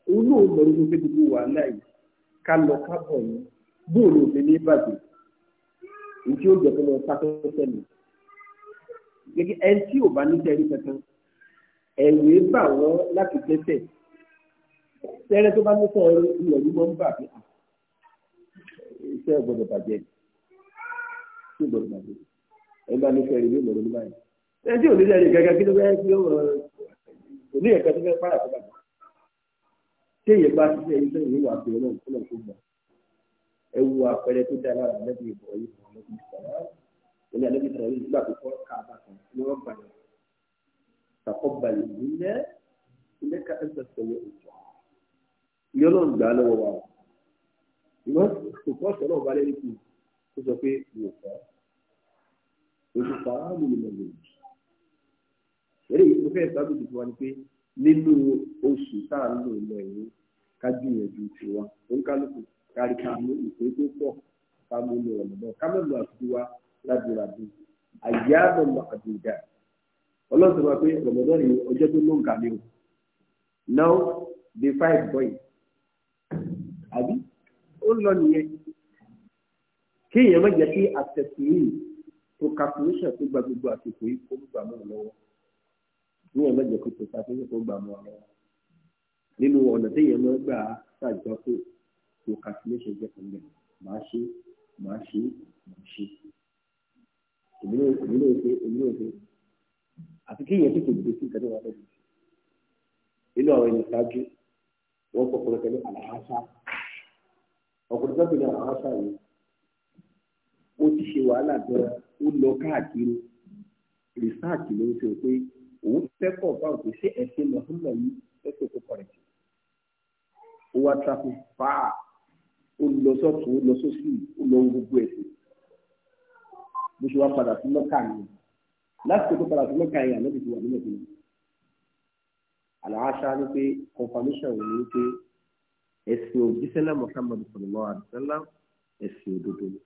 S1: òun náà lọ nínú pé gbogbo wàhálà yìí ká lọ ká bọ̀ yìí bóòlù òfin ní bàjẹ́ èyí tí ó jẹ́ fún wọn sákẹ́sẹ́ mi gẹ́gẹ́ ẹni tí ò bá ní tẹ́rí kankan ẹ̀rù ẹ bà wọ́n láti tẹ́tẹ̀ tẹ́rẹ́ tó bá ní sọ ilẹ̀ yìí mọ́ ń bà bí iṣẹ́ gbọ́dọ̀ bàjẹ́ ṣé bàjẹ́ ẹ bá nífẹ̀ẹ́ rẹ̀ ní ìmọ̀ràn nígbà yìí ẹ tí ò ní lẹ́yìn gẹ́gẹ́ kí ló fẹ́ kí ó kò ní ẹ̀ka tó fẹ́ pààyà tó bàbá tí èyí bá ti ṣe iṣẹ́ ìwé wà pé ọlọ́run kúlọ̀ tó gbà ẹ wo àpẹẹrẹ tó dá lára lẹ́bi ìbọ̀ yìí fún ọlọ́run sọ̀rọ̀ ilé alẹ́bi sọ̀rọ̀ yìí nígbà tó kọ́ káàbà kan ni wọ́n gbà yẹn taqabbal minna innaka anta as-sami'u ad-du'a yọlọ́n gbà lọ́wọ́ wa ìwọ́n kò kọ́ sọ̀rọ̀ balẹ̀ ní kù kó sọ pé wò kọ́ oṣù fàámù ni mọ̀lẹ́ yìí eré yìí mo fẹ́ sábìlì fún wa ni pé nínú oṣù tá à ń lò lọ yìí ká gbìyànjú tiwa oníkálukú kárí ká mú ìpè tó pọ̀ ká mú ní ọ̀nà náà àti wa ládùúràdù àyà àbọ̀mọ̀ àdùúdà ọlọ́run pé rọ̀mọdọ́ ni ọjọ́ tó ló ń kà ní o now the five boys àbí ó lọ nìyẹn kéèyàn má jẹ́ kí àtẹ̀síyìn procrastination tó gba gbogbo àsìkò yìí kó gbà mọ́ lọ́wọ́ ní ọlọ́jọ́ kó procrastination kó gbà mọ́ lọ́wọ́ nínú ọ̀nà téèyàn máa gbà ṣàjọ pé procrastination jẹ́ kan bẹ́ẹ̀ màá ṣe màá ṣe màá ṣe èmi náà ṣe èmi náà ṣe àti kéèyàn tètè gbèsè sí ìkàtí wọn fẹ́ bí nínú àwọn ẹni ṣáájú wọn kọ pọlọpẹ ní àlàáṣá ọkùnrin tó ń pè ní àlàáṣá yìí ó ti ṣe wàhálà gan ó lọ káàkiri research ló ń ṣe pé òun fẹ́ kọ̀ báwo pé ṣé ẹ̀sìn mọ̀ọ́mọ̀ yìí fẹ́ kó kọ̀rẹ̀tì ó wá tráfù fáà ó lọ sọ́tún ó lọ sósì ó lọ gbogbo ẹ̀sìn bó ṣe wá padà sí mọ́kà yẹn lásìkò tó padà sí mọ́kà yẹn àná ti wà nílẹ̀ tó yẹn àlàáṣá ni pé confirmation rẹ̀ ni pé ẹ̀sìn òjíṣẹ́lẹ̀ Muhammad sallallahu alaihi wasallam ẹ̀sìn òdodo ni.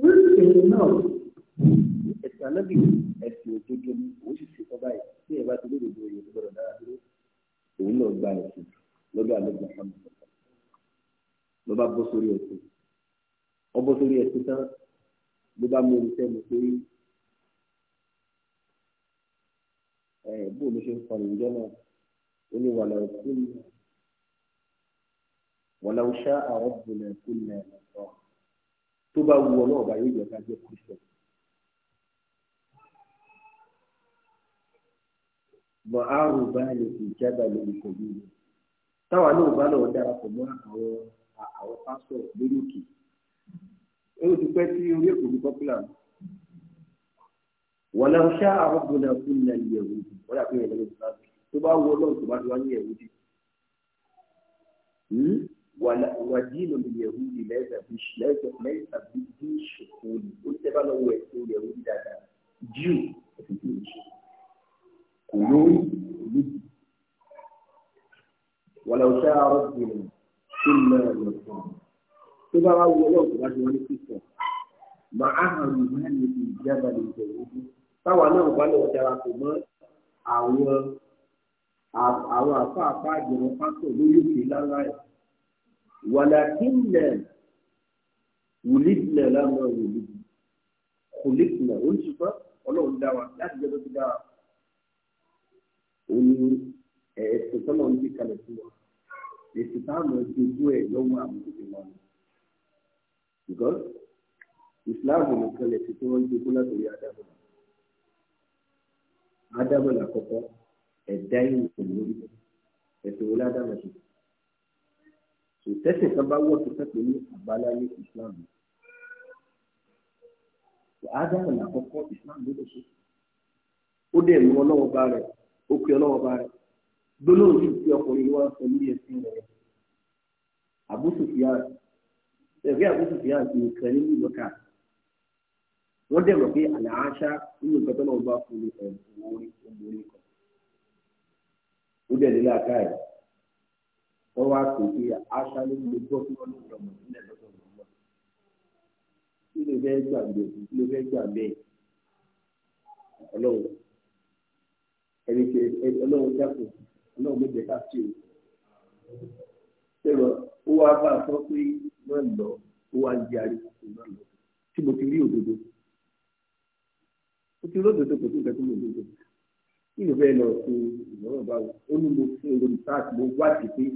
S1: wọ́n ń ṣe náà sànàbì ẹ̀sìn òdodo ni òun sì ṣe kọ́ba yìí tí ẹ̀ bá ti lóde ìdòwò yìí gbọ́dọ̀ dára dúró òun náà gba ẹ̀sìn lọ́dọ̀ àlejò àmì ló bá bọ́ sórí ẹ̀sìn ó bọ́ sórí ẹ̀sìn tán ló bá mú irinṣẹ́ mi pé ẹ̀ bó ló ṣe ń kọrin ìjọ náà ó ní wàlá òkun wàlá òṣà àwọn ọ̀bùnà ìkùnà ẹ̀ tó bá wù ọ náà bá yóò jẹ́ ká jẹ́ kristian. bọ̀ àrùn báyìí kì í jábà lórí kòbí mi táwa náà bá lọ darapọ̀ mọ́ àwọn àwọn pásọ̀ lórí òkè ó ti pẹ́ sí orí èkó ní pọ́pùlà wọ́n lọ ṣá àwọn gbọ́dọ̀ fún ilẹ̀ ìyẹ̀wò wọ́n yà pé ìyẹ̀wò ló bá tó bá wọ ọlọ́run tó bá ti wá ní ìyẹ̀wò dé hmm? wàdínù ìyẹ̀wò lẹ́sà bí ṣùkúrú ó ti tẹ́ bá lọ́wọ́ ẹ̀sìn ìyẹ̀wò dáadáa
S2: jíù ẹ̀sìn ìyẹ̀wò كلوا
S1: ولو شاء ربنا كنا نصام كما هو لو تبعت وانا كيسا معها رمان في جبل الجنوب táwa náà bá lọ darapọ̀ mọ́ àwọn àwọn àfáàfá àjẹmọ́ pásọ̀ lórí òkè lára ẹ̀ wàlàkínlẹ̀ wùlíkìlẹ̀ lánàá wùlíkìlẹ̀ kùlíkìlẹ̀ oríṣìí fún ọlọ́run dá wa láti jẹ́ tó ti dá wa ó ní ẹ̀sìn tọ́lọ̀ ń gbé kalẹ̀ fún wa èsì táwọn ti ojú ẹ̀ lọ́wọ́ àwọn òbí wọn ni because Islam nìkan lè ti tí wọ́n gbé fún látòrí Ádámù Ádámù làkọ́kọ́ ẹ̀dá ìwòsàn lórí ẹ̀sìn wọlé Ádámù sí sòtẹ́sìn kan bá wọ̀ tó sẹ́pẹ̀ ní àbálá ní Islam Ádámù làkọ́kọ́ Islam ló lè ṣe ó dẹ̀ mú bá rẹ̀ ó pe ọlọ́wọ́ bá rẹ̀ gbólóhùn yìí tí ọkùnrin wa sọ ní ẹ̀sìn rẹ̀ àbúsùfìyà ẹ̀rí àbúsùfìyà ti nǹkan nínú ìlọ́kà wọ́n dẹ̀ mọ̀ pé àlàáṣá nínú nǹkan tó náà bá fún mi ẹ̀ òwúrí òwúrí kan ó dẹ̀ nílé àká ẹ̀ wọ́n wá pè pé àṣà ló ń gbọ́ fún wọn lóun lọ́mọ sílẹ̀ lọ́sọ̀ lọ́mọ ẹni tẹ ọlọ́run dàpọ̀ ọlọ́run méje ká sí o. ṣèrò ó wá bá a sọ pé má lọ o wá ń jẹ àríkò má lọ tí mo ti rí òdodo o ti rí òdodo kò sí nǹkan tó mọ̀ òdodo kí ló fẹ́ lọ fún ìmọ̀ràn báwo ó ní mo fún olórí sáàt mo wádìí pé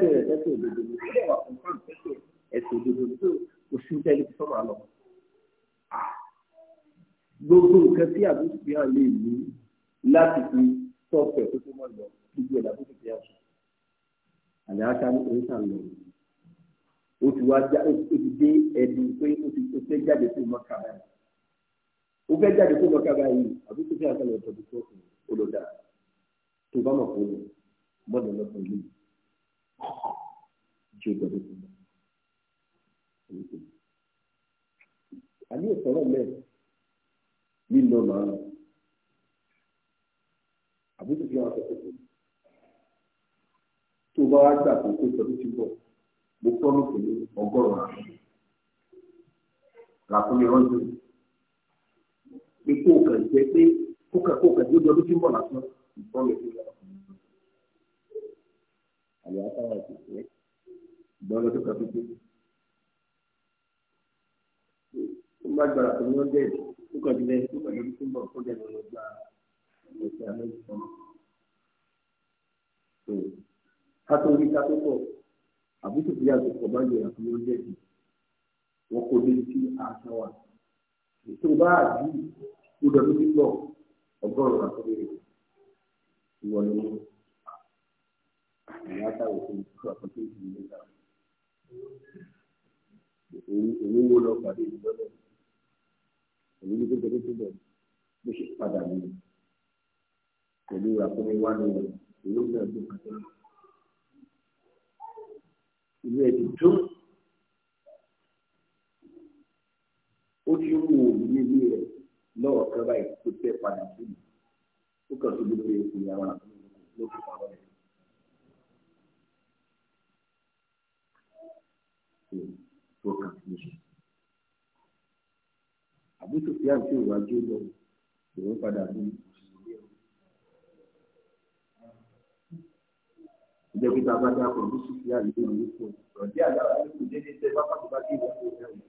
S1: tẹ́sẹ̀ rẹ̀ tẹ́sẹ̀ òdodo mo fẹ́ wà
S2: fún fáwọn tẹ́sẹ̀
S1: ẹ̀sẹ̀ òdodo tó kò sí ní tẹ́lẹ̀ sọ́mà lọ. Ah! gbogbo nǹkan tí àbúrò fi lè ní láti fi tọ́pẹ̀ tó tó mọ̀ lọ gbogbo ẹ̀dá tó tètè àṣà àlẹ́ àṣà ní oríṣàn lọ ó ti wá já o ti dé ẹ̀dùn pé ó ti fẹ́ jáde tó mọ́ kàbá O ó fẹ́ jáde tó mọ́ kàbá yìí àbí tó fẹ́ àṣà lọ tọ́jú tó kù ó lọ dà tó bá mọ̀ fún un mọ́dọ̀ lọ fún yìí ju ìgbàgbọ́ tó mọ́ àní ìsọ̀rọ̀ mẹ́rin lílọ màá lọ àbújá fi hàn sọ́kòtò tó bá wá gbà pé kó sọdún ti bọ̀ mo kọ́ ní pẹ̀lú ọgọ́rùn-ún àṣọ làkúnlé rọ́jò pé kó kàn jẹ́ pé kó kàn kó kàn jẹ́ ọdún tí ń bọ̀ lásán ìbọn lè fi lọ. àyà táwọn ìpèsè ìbọn lọ́dún kan pípé ó má gbára pẹ̀lú ọjọ́ ìdí kó kàn jẹ́ ọdún tí ń bọ̀ kó jẹ́ ọdún tí ń bọ̀ kátó orí kátó pọ̀ àbúkù tí yàtọ̀ pọ̀ bá yẹ àti wọ́n jẹ̀bi wọ́n kò lè fi àṣà wà ètò bá àbí gbọdọ̀ tó ti pọ̀ ọgọ́rùn-ún àtọ́bẹ̀rẹ̀ ìwọ ni wọ́n ìyá táwọn òfin tó àkọ́kọ́ ìdí ilé náà òun wo lọ pàdé ìjọba òun ní kó jẹ́ tó bẹ̀rẹ̀ bó ṣe padà nìyẹn pẹ̀lú àkómi wà lóyún ìlú náà tó kàtó. Ìlú ẹ̀ ti dún. Ó ti wù òbí nílé rẹ̀ lọ́wọ́ kan báyìí tó tẹ̀ padà sí mi. Ó kàn tó gbogbo èkó ìyàwó àkómi lókè pàrọ̀ rẹ̀. Tó kàn tó sùn. Àbútòfíà ti lọ, ìwọ́n padà bí ìjẹ́ pé tá a bá dá pọ̀ lóṣù tí a lè lè lè fò ọ̀dí àdáwà ní kò déédéé tẹ bá pàtó bá dé ìwé fò rẹ̀ wò.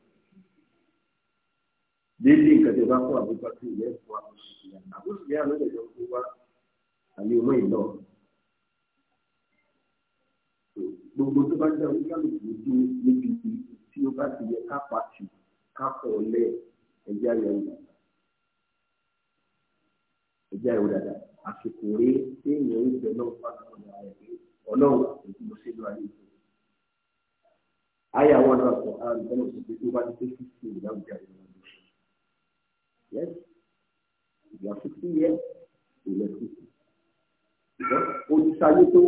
S1: déédéé nǹkan tẹ bá fọ àbúkọ tó ìwé fò àbúṣe yà àbúṣe yà ló lè lọ fún wa àlè gbogbo tó bá jẹ́ oníkàlùkù tó níbi tí ó bá ti yẹ ká pàtì ká pọ̀ lẹ̀ ẹ̀jẹ̀ ayọ̀ ìdàgbà ẹ̀jẹ̀ ayọ̀ ìdàgbà àsìkò rèé téèyàn ń bẹ̀ náà fún àwọn ọ̀dọ́ ọlọ́run èyí mo ṣe lọ ayé ìfẹ́. ayé àwọn náà sọ àrùn tọ́lọ̀ sọ pé tó bá ti pé fífi ìdáhùn jáde lọ́wọ́ ló ṣe. yẹ́sì ìgbà fífi yẹ ìlẹ̀ fífi. ṣùgbọ́n olùṣayé tó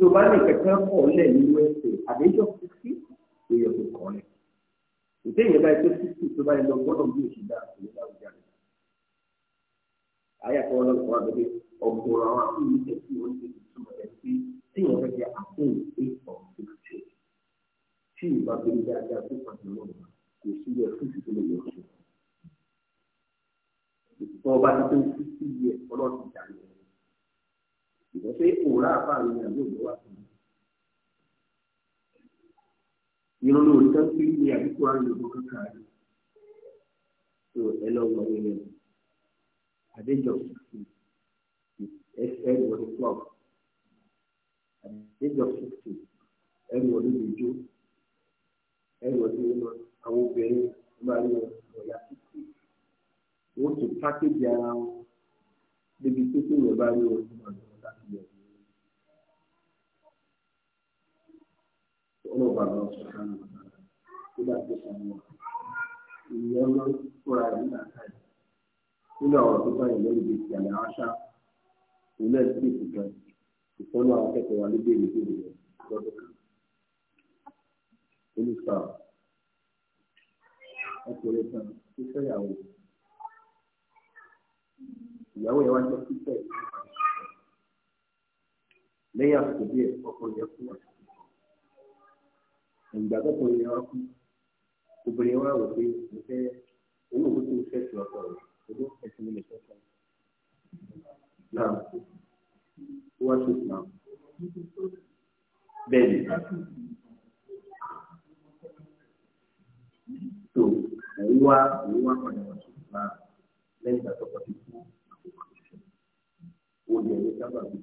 S1: tó bá lè kẹ̀kẹ́ kọ̀ lẹ̀ nínú ẹsẹ̀ àdéjọ́ fífi èèyàn kò kọ́ lẹ̀. ìdéyìn báyìí tó fífi tó bá yẹ lọ gbọ́dọ̀ bí òṣìṣẹ́ àti ìdáhùn jáde. ayé àkọ́wọ́ lọ́wọ́ ọ̀pọ̀ àwọn àkóyè tẹ̀ sí wọ́n ti tún ẹ̀ sí tí wọ́n fẹ́ jẹ́ àkóyè eight of sixty tí ìbá bẹ́ẹ̀ dáadáa tó pàṣẹ wọn kò sí yẹ fífi tó lè yọ sí. ìtọ́ ọba ti tó fífi yẹ ọlọ́run ti dàrú ẹ̀. ìgbà pé òòrà àbáàrin ni àbí òòrà wà fún mi. irun ní ń pè ní àdúgbò ẹrù wọlé club age of sixty ẹrù wọlé lójú ẹrù wọlé lọ àwọn obìnrin máa ń lọ ya sixty wọ́n tún pákéjì ara wọn débi pé tí ìwé bá rí wọn tó máa lọ láti lọ.
S2: ọlọ́ọ̀bà lọ sọ̀rọ̀ àwọn ọ̀gá nígbà tó sọ wọn ìyẹn ló fúnra rẹ̀ nígbà táyà nínú àwọn tó báyìí
S1: lórí ibi ìyàlẹ̀ àṣà òun náà sì kù gan ìfọ́nù àwọn akẹ́kọ̀ọ́ wa ló béèrè béèrè rẹ̀ lọ́dún kan. oníṣà ọkùnrin kan tó fẹ́yàwó ìyàwó yẹn wá jọ pípẹ́ lẹ́yìn àsìkò díẹ̀ ọkùnrin yẹn kú ìgbà tó kùnrin yẹn wá kú obìnrin yẹn wá wò pé mo fẹ́ olóògùn tó fẹ́ sí ọkọ rẹ̀ olóògùn mi lè fẹ́ sọ́ọ́
S2: náà wọ́n ti náà bẹ́ẹ̀
S1: ni. tó òun wá òun wá padà wá sí ìgbà lẹ́yìn ìgbà tọkọ ti kú àkókò ìṣẹ́ òun yẹ ní sábà bíi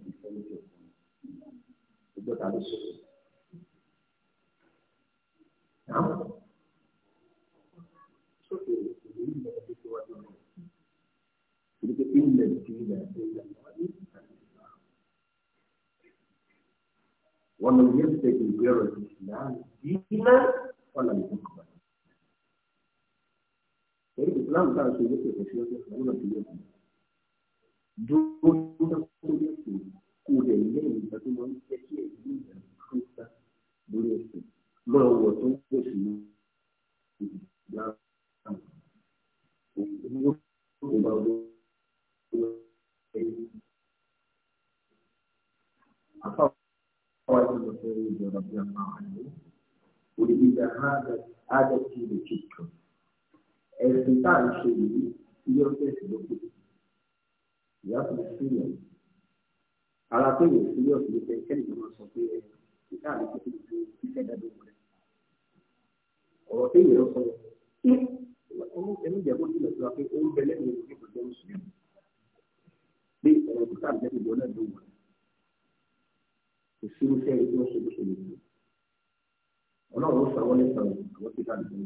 S1: دينا ولم يقبل الإسلام كان في ذكر الشيخ يقولون في ذكر دون تقوليته كودين تقولون كثير جدا خمسة بوليته ما هو توقف الإسلام أفضل رضي الله عنه onígbèsè ààrẹ ààrẹ tí ìlú kìkọ ẹsìn tá à ń ṣe yìí ilé ọjọ́ ìsìn ló kù ìyá kò sí ìyẹn ara tó yẹ sí ilé ọ̀sìn lóṣẹ kẹ́lì ló máa sọ pé ìta àlè tó kéde tó fífẹ́ dájú rẹ̀ ọ̀rọ̀ tó yẹ sọ ẹni jẹ́ kó tilẹ̀ sọ pé ó ń bẹ lẹ́nu ìlú kí kò jẹ́ mùsùlùmí ọlọ́run ló sanwó ní sanwó àwọn tí ká dìbò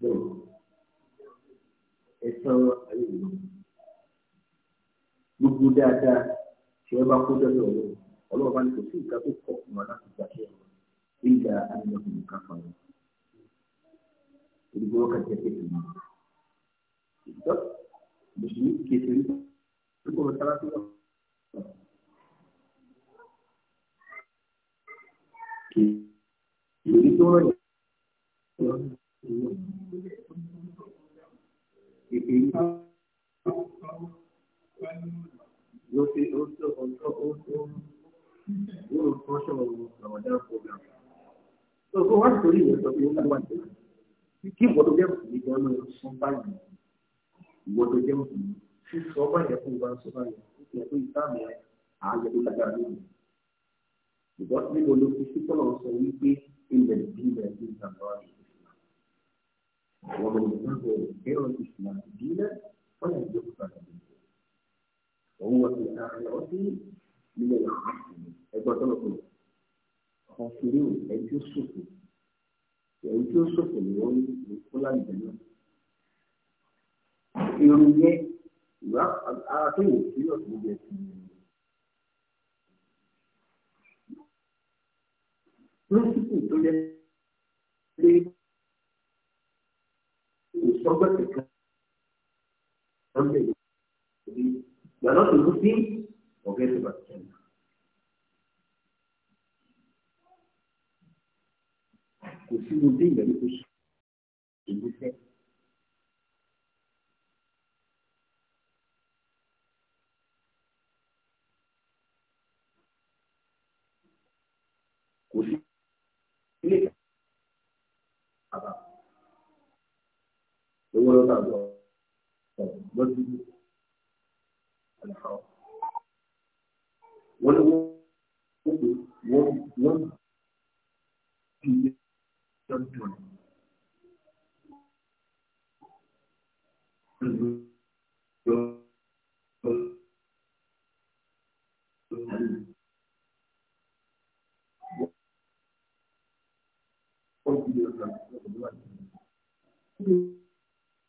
S1: bẹ́ẹ̀ ẹ̀sán ayé ìlú gbogbo dáadáa tí ẹ bá kó dọ́dọ̀ ọ̀rọ̀ ọlọ́run bá ní kò sí ìka tó kọ̀ fún wa láti gbà ṣe ọ̀rọ̀ ìgbà ayélujára kò ká fa wọn ìdìbò wọn kékeré wọn. ìjọba mùsùlùmí kékeré ó kọ́ sára tó wà. torí ìwé sọ pé ó kú àjẹ kí ìwọ tó jẹ́ mùsùlùmí gan ló sọ báyìí ìwọ tó jẹ́ mùsùlùmí sísọ báyìí fún ìwà sọ báyìí ó ti ẹ̀kọ́ ìsáàmì rẹ ààyè tó lágbára lónìí ìbọn níbo ló fi sípọ̀lọ̀ sọ wípé ilẹ̀ bí ilẹ̀ bí ìsàmúlò ومن يبتغي غير الاسلام دينا فلن يقبل منه وهو في الاخره من الخاسرين ايضا خاسرين اي يوسف èyí tí ó ṣòfò ní wọn ní fúlàní jẹ náà èrò yẹn ìwà ara tó wò sí ọ̀sán jẹ sí i pírísìpù tó yẹ pé ìsọgbẹ́ kẹ̀kẹ́ ọ̀lẹ́ ìgbàlódé ló bí ọ̀gá ẹ̀sìn kò sí mo dé ìyẹn lóko sùn èmi fẹ́.
S2: kò sí ilé bàbá owó lọ́tà lọ lọ́dún àlùfáà wọ́n ní wọ́n wọ́n wọ́n tó dùn.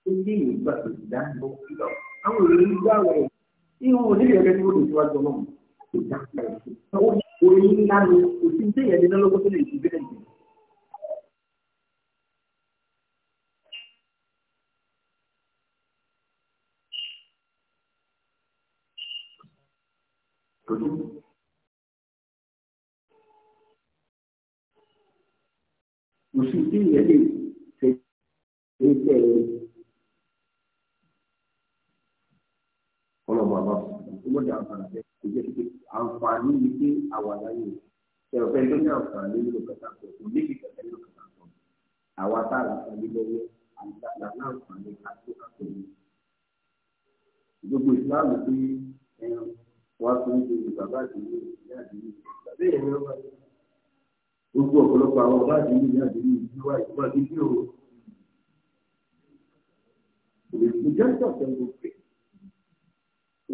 S2: Ilé ìgbà tó ti dá lọ sí lọ.
S1: Àwọn èèyàn ń gbà wẹ̀.
S2: Ihun onílé ẹgbẹ́
S1: tí ó lè síwájú ọlọ́run. Ìjà pẹ̀lú. Owó
S2: orí ńlá ni òsì ń tó lè ṣe bẹ́ẹ̀ jù. ojú. kò sí tí kalau lè ṣe é tẹ̀ ẹ́
S1: kọlọ́mọ àbá ọgbọ́n dà àǹfààní rẹ̀ kò jẹ́ pé àǹfààní yìí pé àwa láyé ẹ̀rọ fẹ́ ló ní àǹfààní nínú kẹta sọ kò ní kí kẹta nínú kẹta sọ wá tó ń gbèrè bàbá àdìyẹ ìyá àdìyẹ bàbá èèyàn ló wà gbogbo ọ̀pọ̀lọpọ̀ àwọn bàbá àdìyẹ ìyá àdìyẹ ìlú wa ìlú àdìyẹ o. ìjọsìn ọ̀sẹ̀ ń gbòkè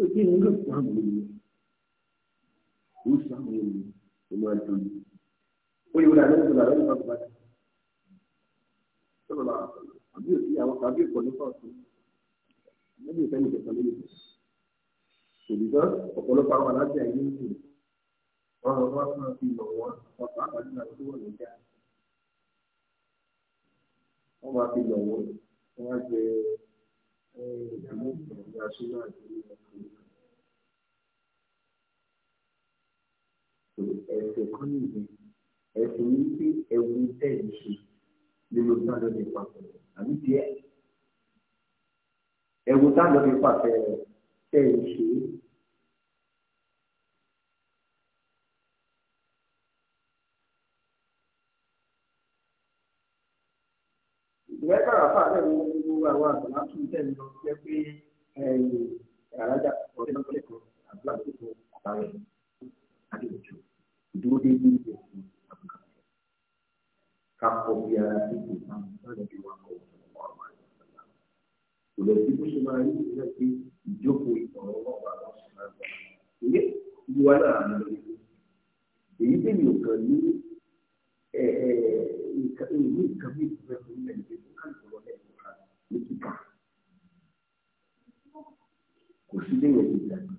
S1: ó kí ni ló sàn mí ni ó sàn mí ni ó máa dùn mí. ó yẹ wọlé àlejò làwọn yóò máa gbàdá. sọ̀rọ̀ àbí òsì àwọn tàbí ìkọ̀lẹ́kọ̀ọ̀tún lẹ́yìn ìfẹ́ nìkẹ́kọ̀ọ́ lẹ́yìn ìfẹ́ ṣèlúgbọ́n ọ̀pọ̀lọpọ̀ àwọn alájà yìí ń sìn wọ́n lọ wọ́n fún fi lọ wọ́n wọ́n fún àgbàdo náà tó wọ̀ lọ́jà
S2: wọ́n máa fi lọ wọ́n wọ́n á jẹ ìdààmú ìdààmú aṣọ́nà àti ìdààmú.
S1: ẹsẹ̀ kan nìyẹn ẹsẹ̀ yìí pé ẹ̀wù tẹ̀ ń ṣe nínú táwọn ọdẹ pàṣẹ àbí díẹ̀ ẹ̀wù táwọn ọdẹ
S2: pàṣẹ tẹ̀ ń ṣe. ìwẹ́ bàrà fà lẹ́ wo gbogbo àwọn àgbàlá tún tẹ̀ lọ jẹ́ pé
S1: àrájà ọ̀rẹ́ náà lẹ́kọ̀ọ́ àbúrò àdúgbò àbárẹ̀ adéwòjú ìdúró déédéé ìgbẹ́ fún àbúkà kápọ̀ bí ara sí ìgbẹ́
S2: náà lọ́dọ̀ bí wà kọ́ kò
S1: lọ sí bó ṣe máa rí ìgbẹ́ pé ìjókòó ìtọ̀rọ̀ ọlọ́ọ̀bà lọ́sùn máa sì lè yẹ ìgbà tó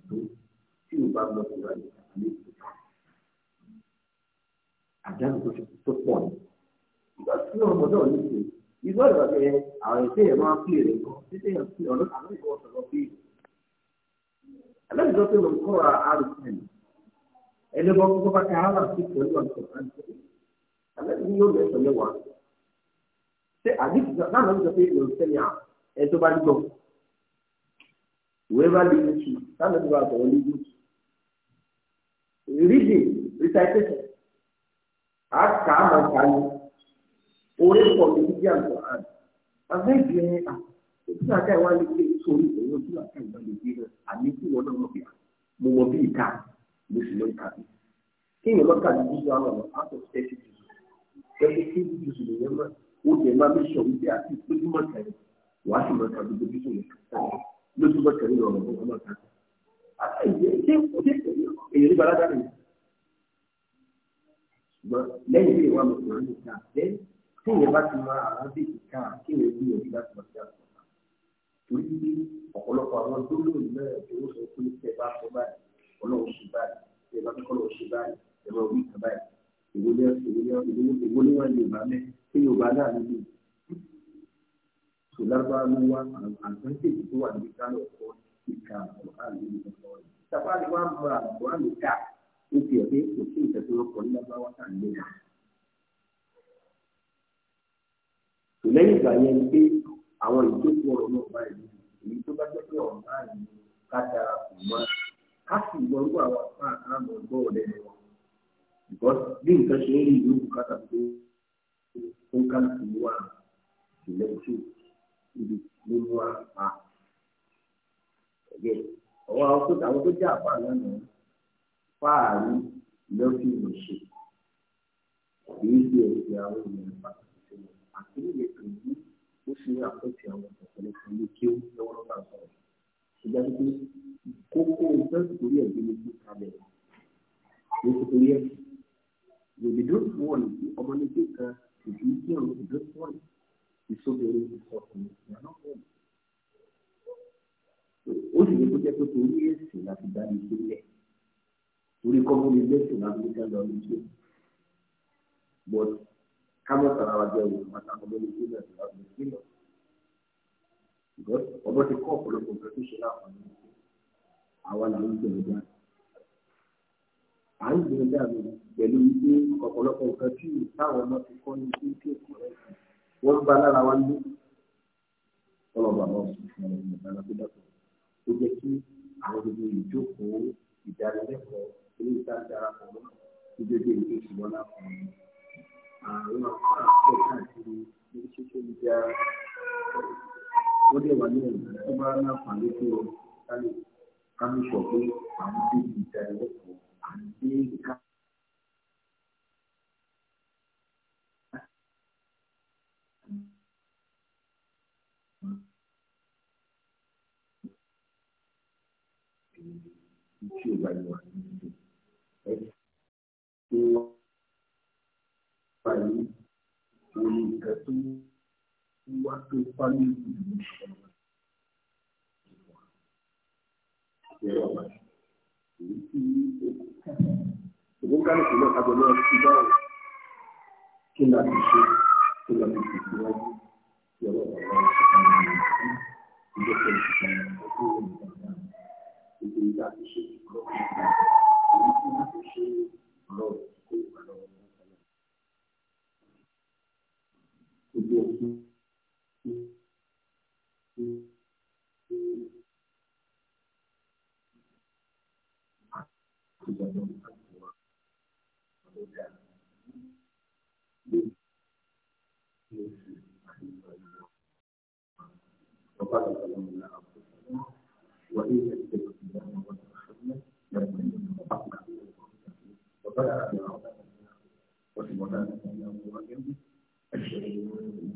S1: tí o bá lọ síra ìgbà tó lè tó. àdánù tó ṣe tó pọ̀ ní. ìgbà tí wọ́n mọ̀ náà nílé ìgbà ìgbà tẹ àwọn ìṣe yẹn máa ń pè rẹ̀ kọ́ títí yẹn pè ọ̀nà àwọn ìkọ̀ sọ̀rọ̀ bí. aláìsọ tó lọ kọ́ ra àrùn ẹni bọ́ kókó bá ká ara sí whoever listens to that is why for only good reading recitation a kà á máa kà á ní orí pọ̀ ní bíbí àgbà àn àbẹ́ ìgbìyànjú à òtún àká ìwà lè gbé sórí òun òtún àká ìwà lè gbé náà àní kí wọn náà wọ́n fi hàn mo mọ bí ìka mo sì lọ ìka bí kí ìyẹn lọ́ka ní bíbí àwọn ọ̀nà out of thirty juice ẹgbẹ́ tí juice lè yẹn mọ́ ó jẹ́ máa bí sọ̀rọ̀ bí àti ìpéjúmọ̀ kẹrin wàá sì mọ̀ ká gbogbo bíbí yẹn kàtà yẹn lójú bá kẹrí ọ̀rọ̀ bó ọlọ́ ta. Èyí rí balada rẹ̀. Ṣùgbọ́n lẹ́yìn tí ìwà mọ̀tò rẹ̀ nìkan àtẹ́ tí ìyẹn bá ti mọ àwọn bí ìka kí ìyẹn bí ìyẹn bá ti mọ̀ sí àtọ̀ náà. Torí pé ọ̀pọ̀lọpọ̀ àwọn gbólóhùn náà tó ń sọ pé tẹ bá sọ báyìí, ọlọ́run ṣe báyìí, tẹ bá kọ́kọ́ lọ ṣe báyìí, tẹ bá wí kà báyìí. Ìwọlé wọn lè bá mẹ́, kí Yorùbá so lárúbáwá ló wá àgbẹ̀ntèjì tó wà níbi sáré ọ̀pọ̀ ìka àlùkòrán lórí ọ̀pọ̀ rẹ̀ sábà ni wọ́n á mọ àlùkòrán ló ó fi ẹ̀fẹ́ kò sí ìtẹ̀síwọ́pọ̀ ní lárúbáwá tà nílé ìgbà yẹn ni pé àwọn ìjókòó ọ̀rọ̀ náà bá ìlú èyí tó bá jẹ́ pé ọ̀rọ̀ náà ni ká dára kù mọ́ ká sì gbọ́ irú àwọn àpá àmọ́ gbọ́ ọ̀rẹ́ wọn bí nǹkan ṣe ń rí ìlú bùkátà tó ń kálukú wà ìlẹ́kùn lólu àpá ẹgbẹ́ ọwọ́ àwọn tó jẹ́ àpá náà nù fáàrí lọ́kì lọ́sẹ̀ kìí ṣe ẹ̀sìn àwọn ènìyàn pàtàkì àti nílẹ̀ pẹ̀lú ó ṣe àkọsí àwọn ọ̀pọ̀lọpọ̀ ilé kí ó lọ́wọ́ lọ́ba sọ̀rọ̀ ìjà pípé kókó fẹ́ẹ̀sì torí ẹ̀gbẹ́ ló gbé kalẹ̀ ló ti torí ẹ̀sìn lòdì dúró fún ọ̀nà ọmọ ní kéka ìdí kí ọ̀rọ̀ ìdúró fún ọ̀nà ìsóbìrì ọkùnrin ìyànà pọ̀lú. ó sì lè kó jẹ́ pé torí ẹ̀sìn láti dá ní sílẹ̀ torí kọ́mọ́nì lẹ́sìn láti ní sẹ́ńdọ̀ ní sílẹ̀ but kámọ́tà ara jẹ́ òun àtàkùn lórí sílẹ̀ láti ní sílẹ̀ ọgbọ́n ti kọ́ ọ̀pọ̀lọpọ̀ nǹkan tó ṣe láǹfààní àwa là ń gbèrò dá à ń gbèrò dá mi pẹ̀lú ọ̀pọ̀lọpọ̀ nǹkan tí táwọn ọmọ ti kọ́ ní sí kí èkó wọ́n gba lára wa ní ọlọ́ba náà fún ọmọ ìgbà náà tó dàpọ̀ ó jẹ́ kí àwọn gbogbo ìjókòó ìdánilẹ́kọ̀ọ́ ilé ìtajà pọ̀ mọ́ ìjọba èdè ìṣùgbọ́n náà fún mi. àwọn akẹ́kọ̀ọ́ káàkiri ní ṣíṣe ń já wọ́n dẹ̀ wà ní ẹ̀rọ tó bá náà fà lókè ọ
S2: kálí sọ pé àwọn bíbí ìdánilẹ́kọ̀ọ́ àti bí ká. tí ò bá yẹ wà ní ìlú ẹ tí wọn bá yẹ òye nǹkan tó wá tó bá ní ìlú ìṣẹ̀lẹ̀ wà. èyí tí ògbóǹkálùkù náà kájọ náà ti báwò kí n láti ṣe kí n láti tẹ̀síwájú kí ọlọ́pàá wá ṣe àwọn ènìyàn ìjọba ìṣẹ̀lẹ̀ ọdún ìwọ̀n ìgbà náà gbogbo ìgbà Gracias.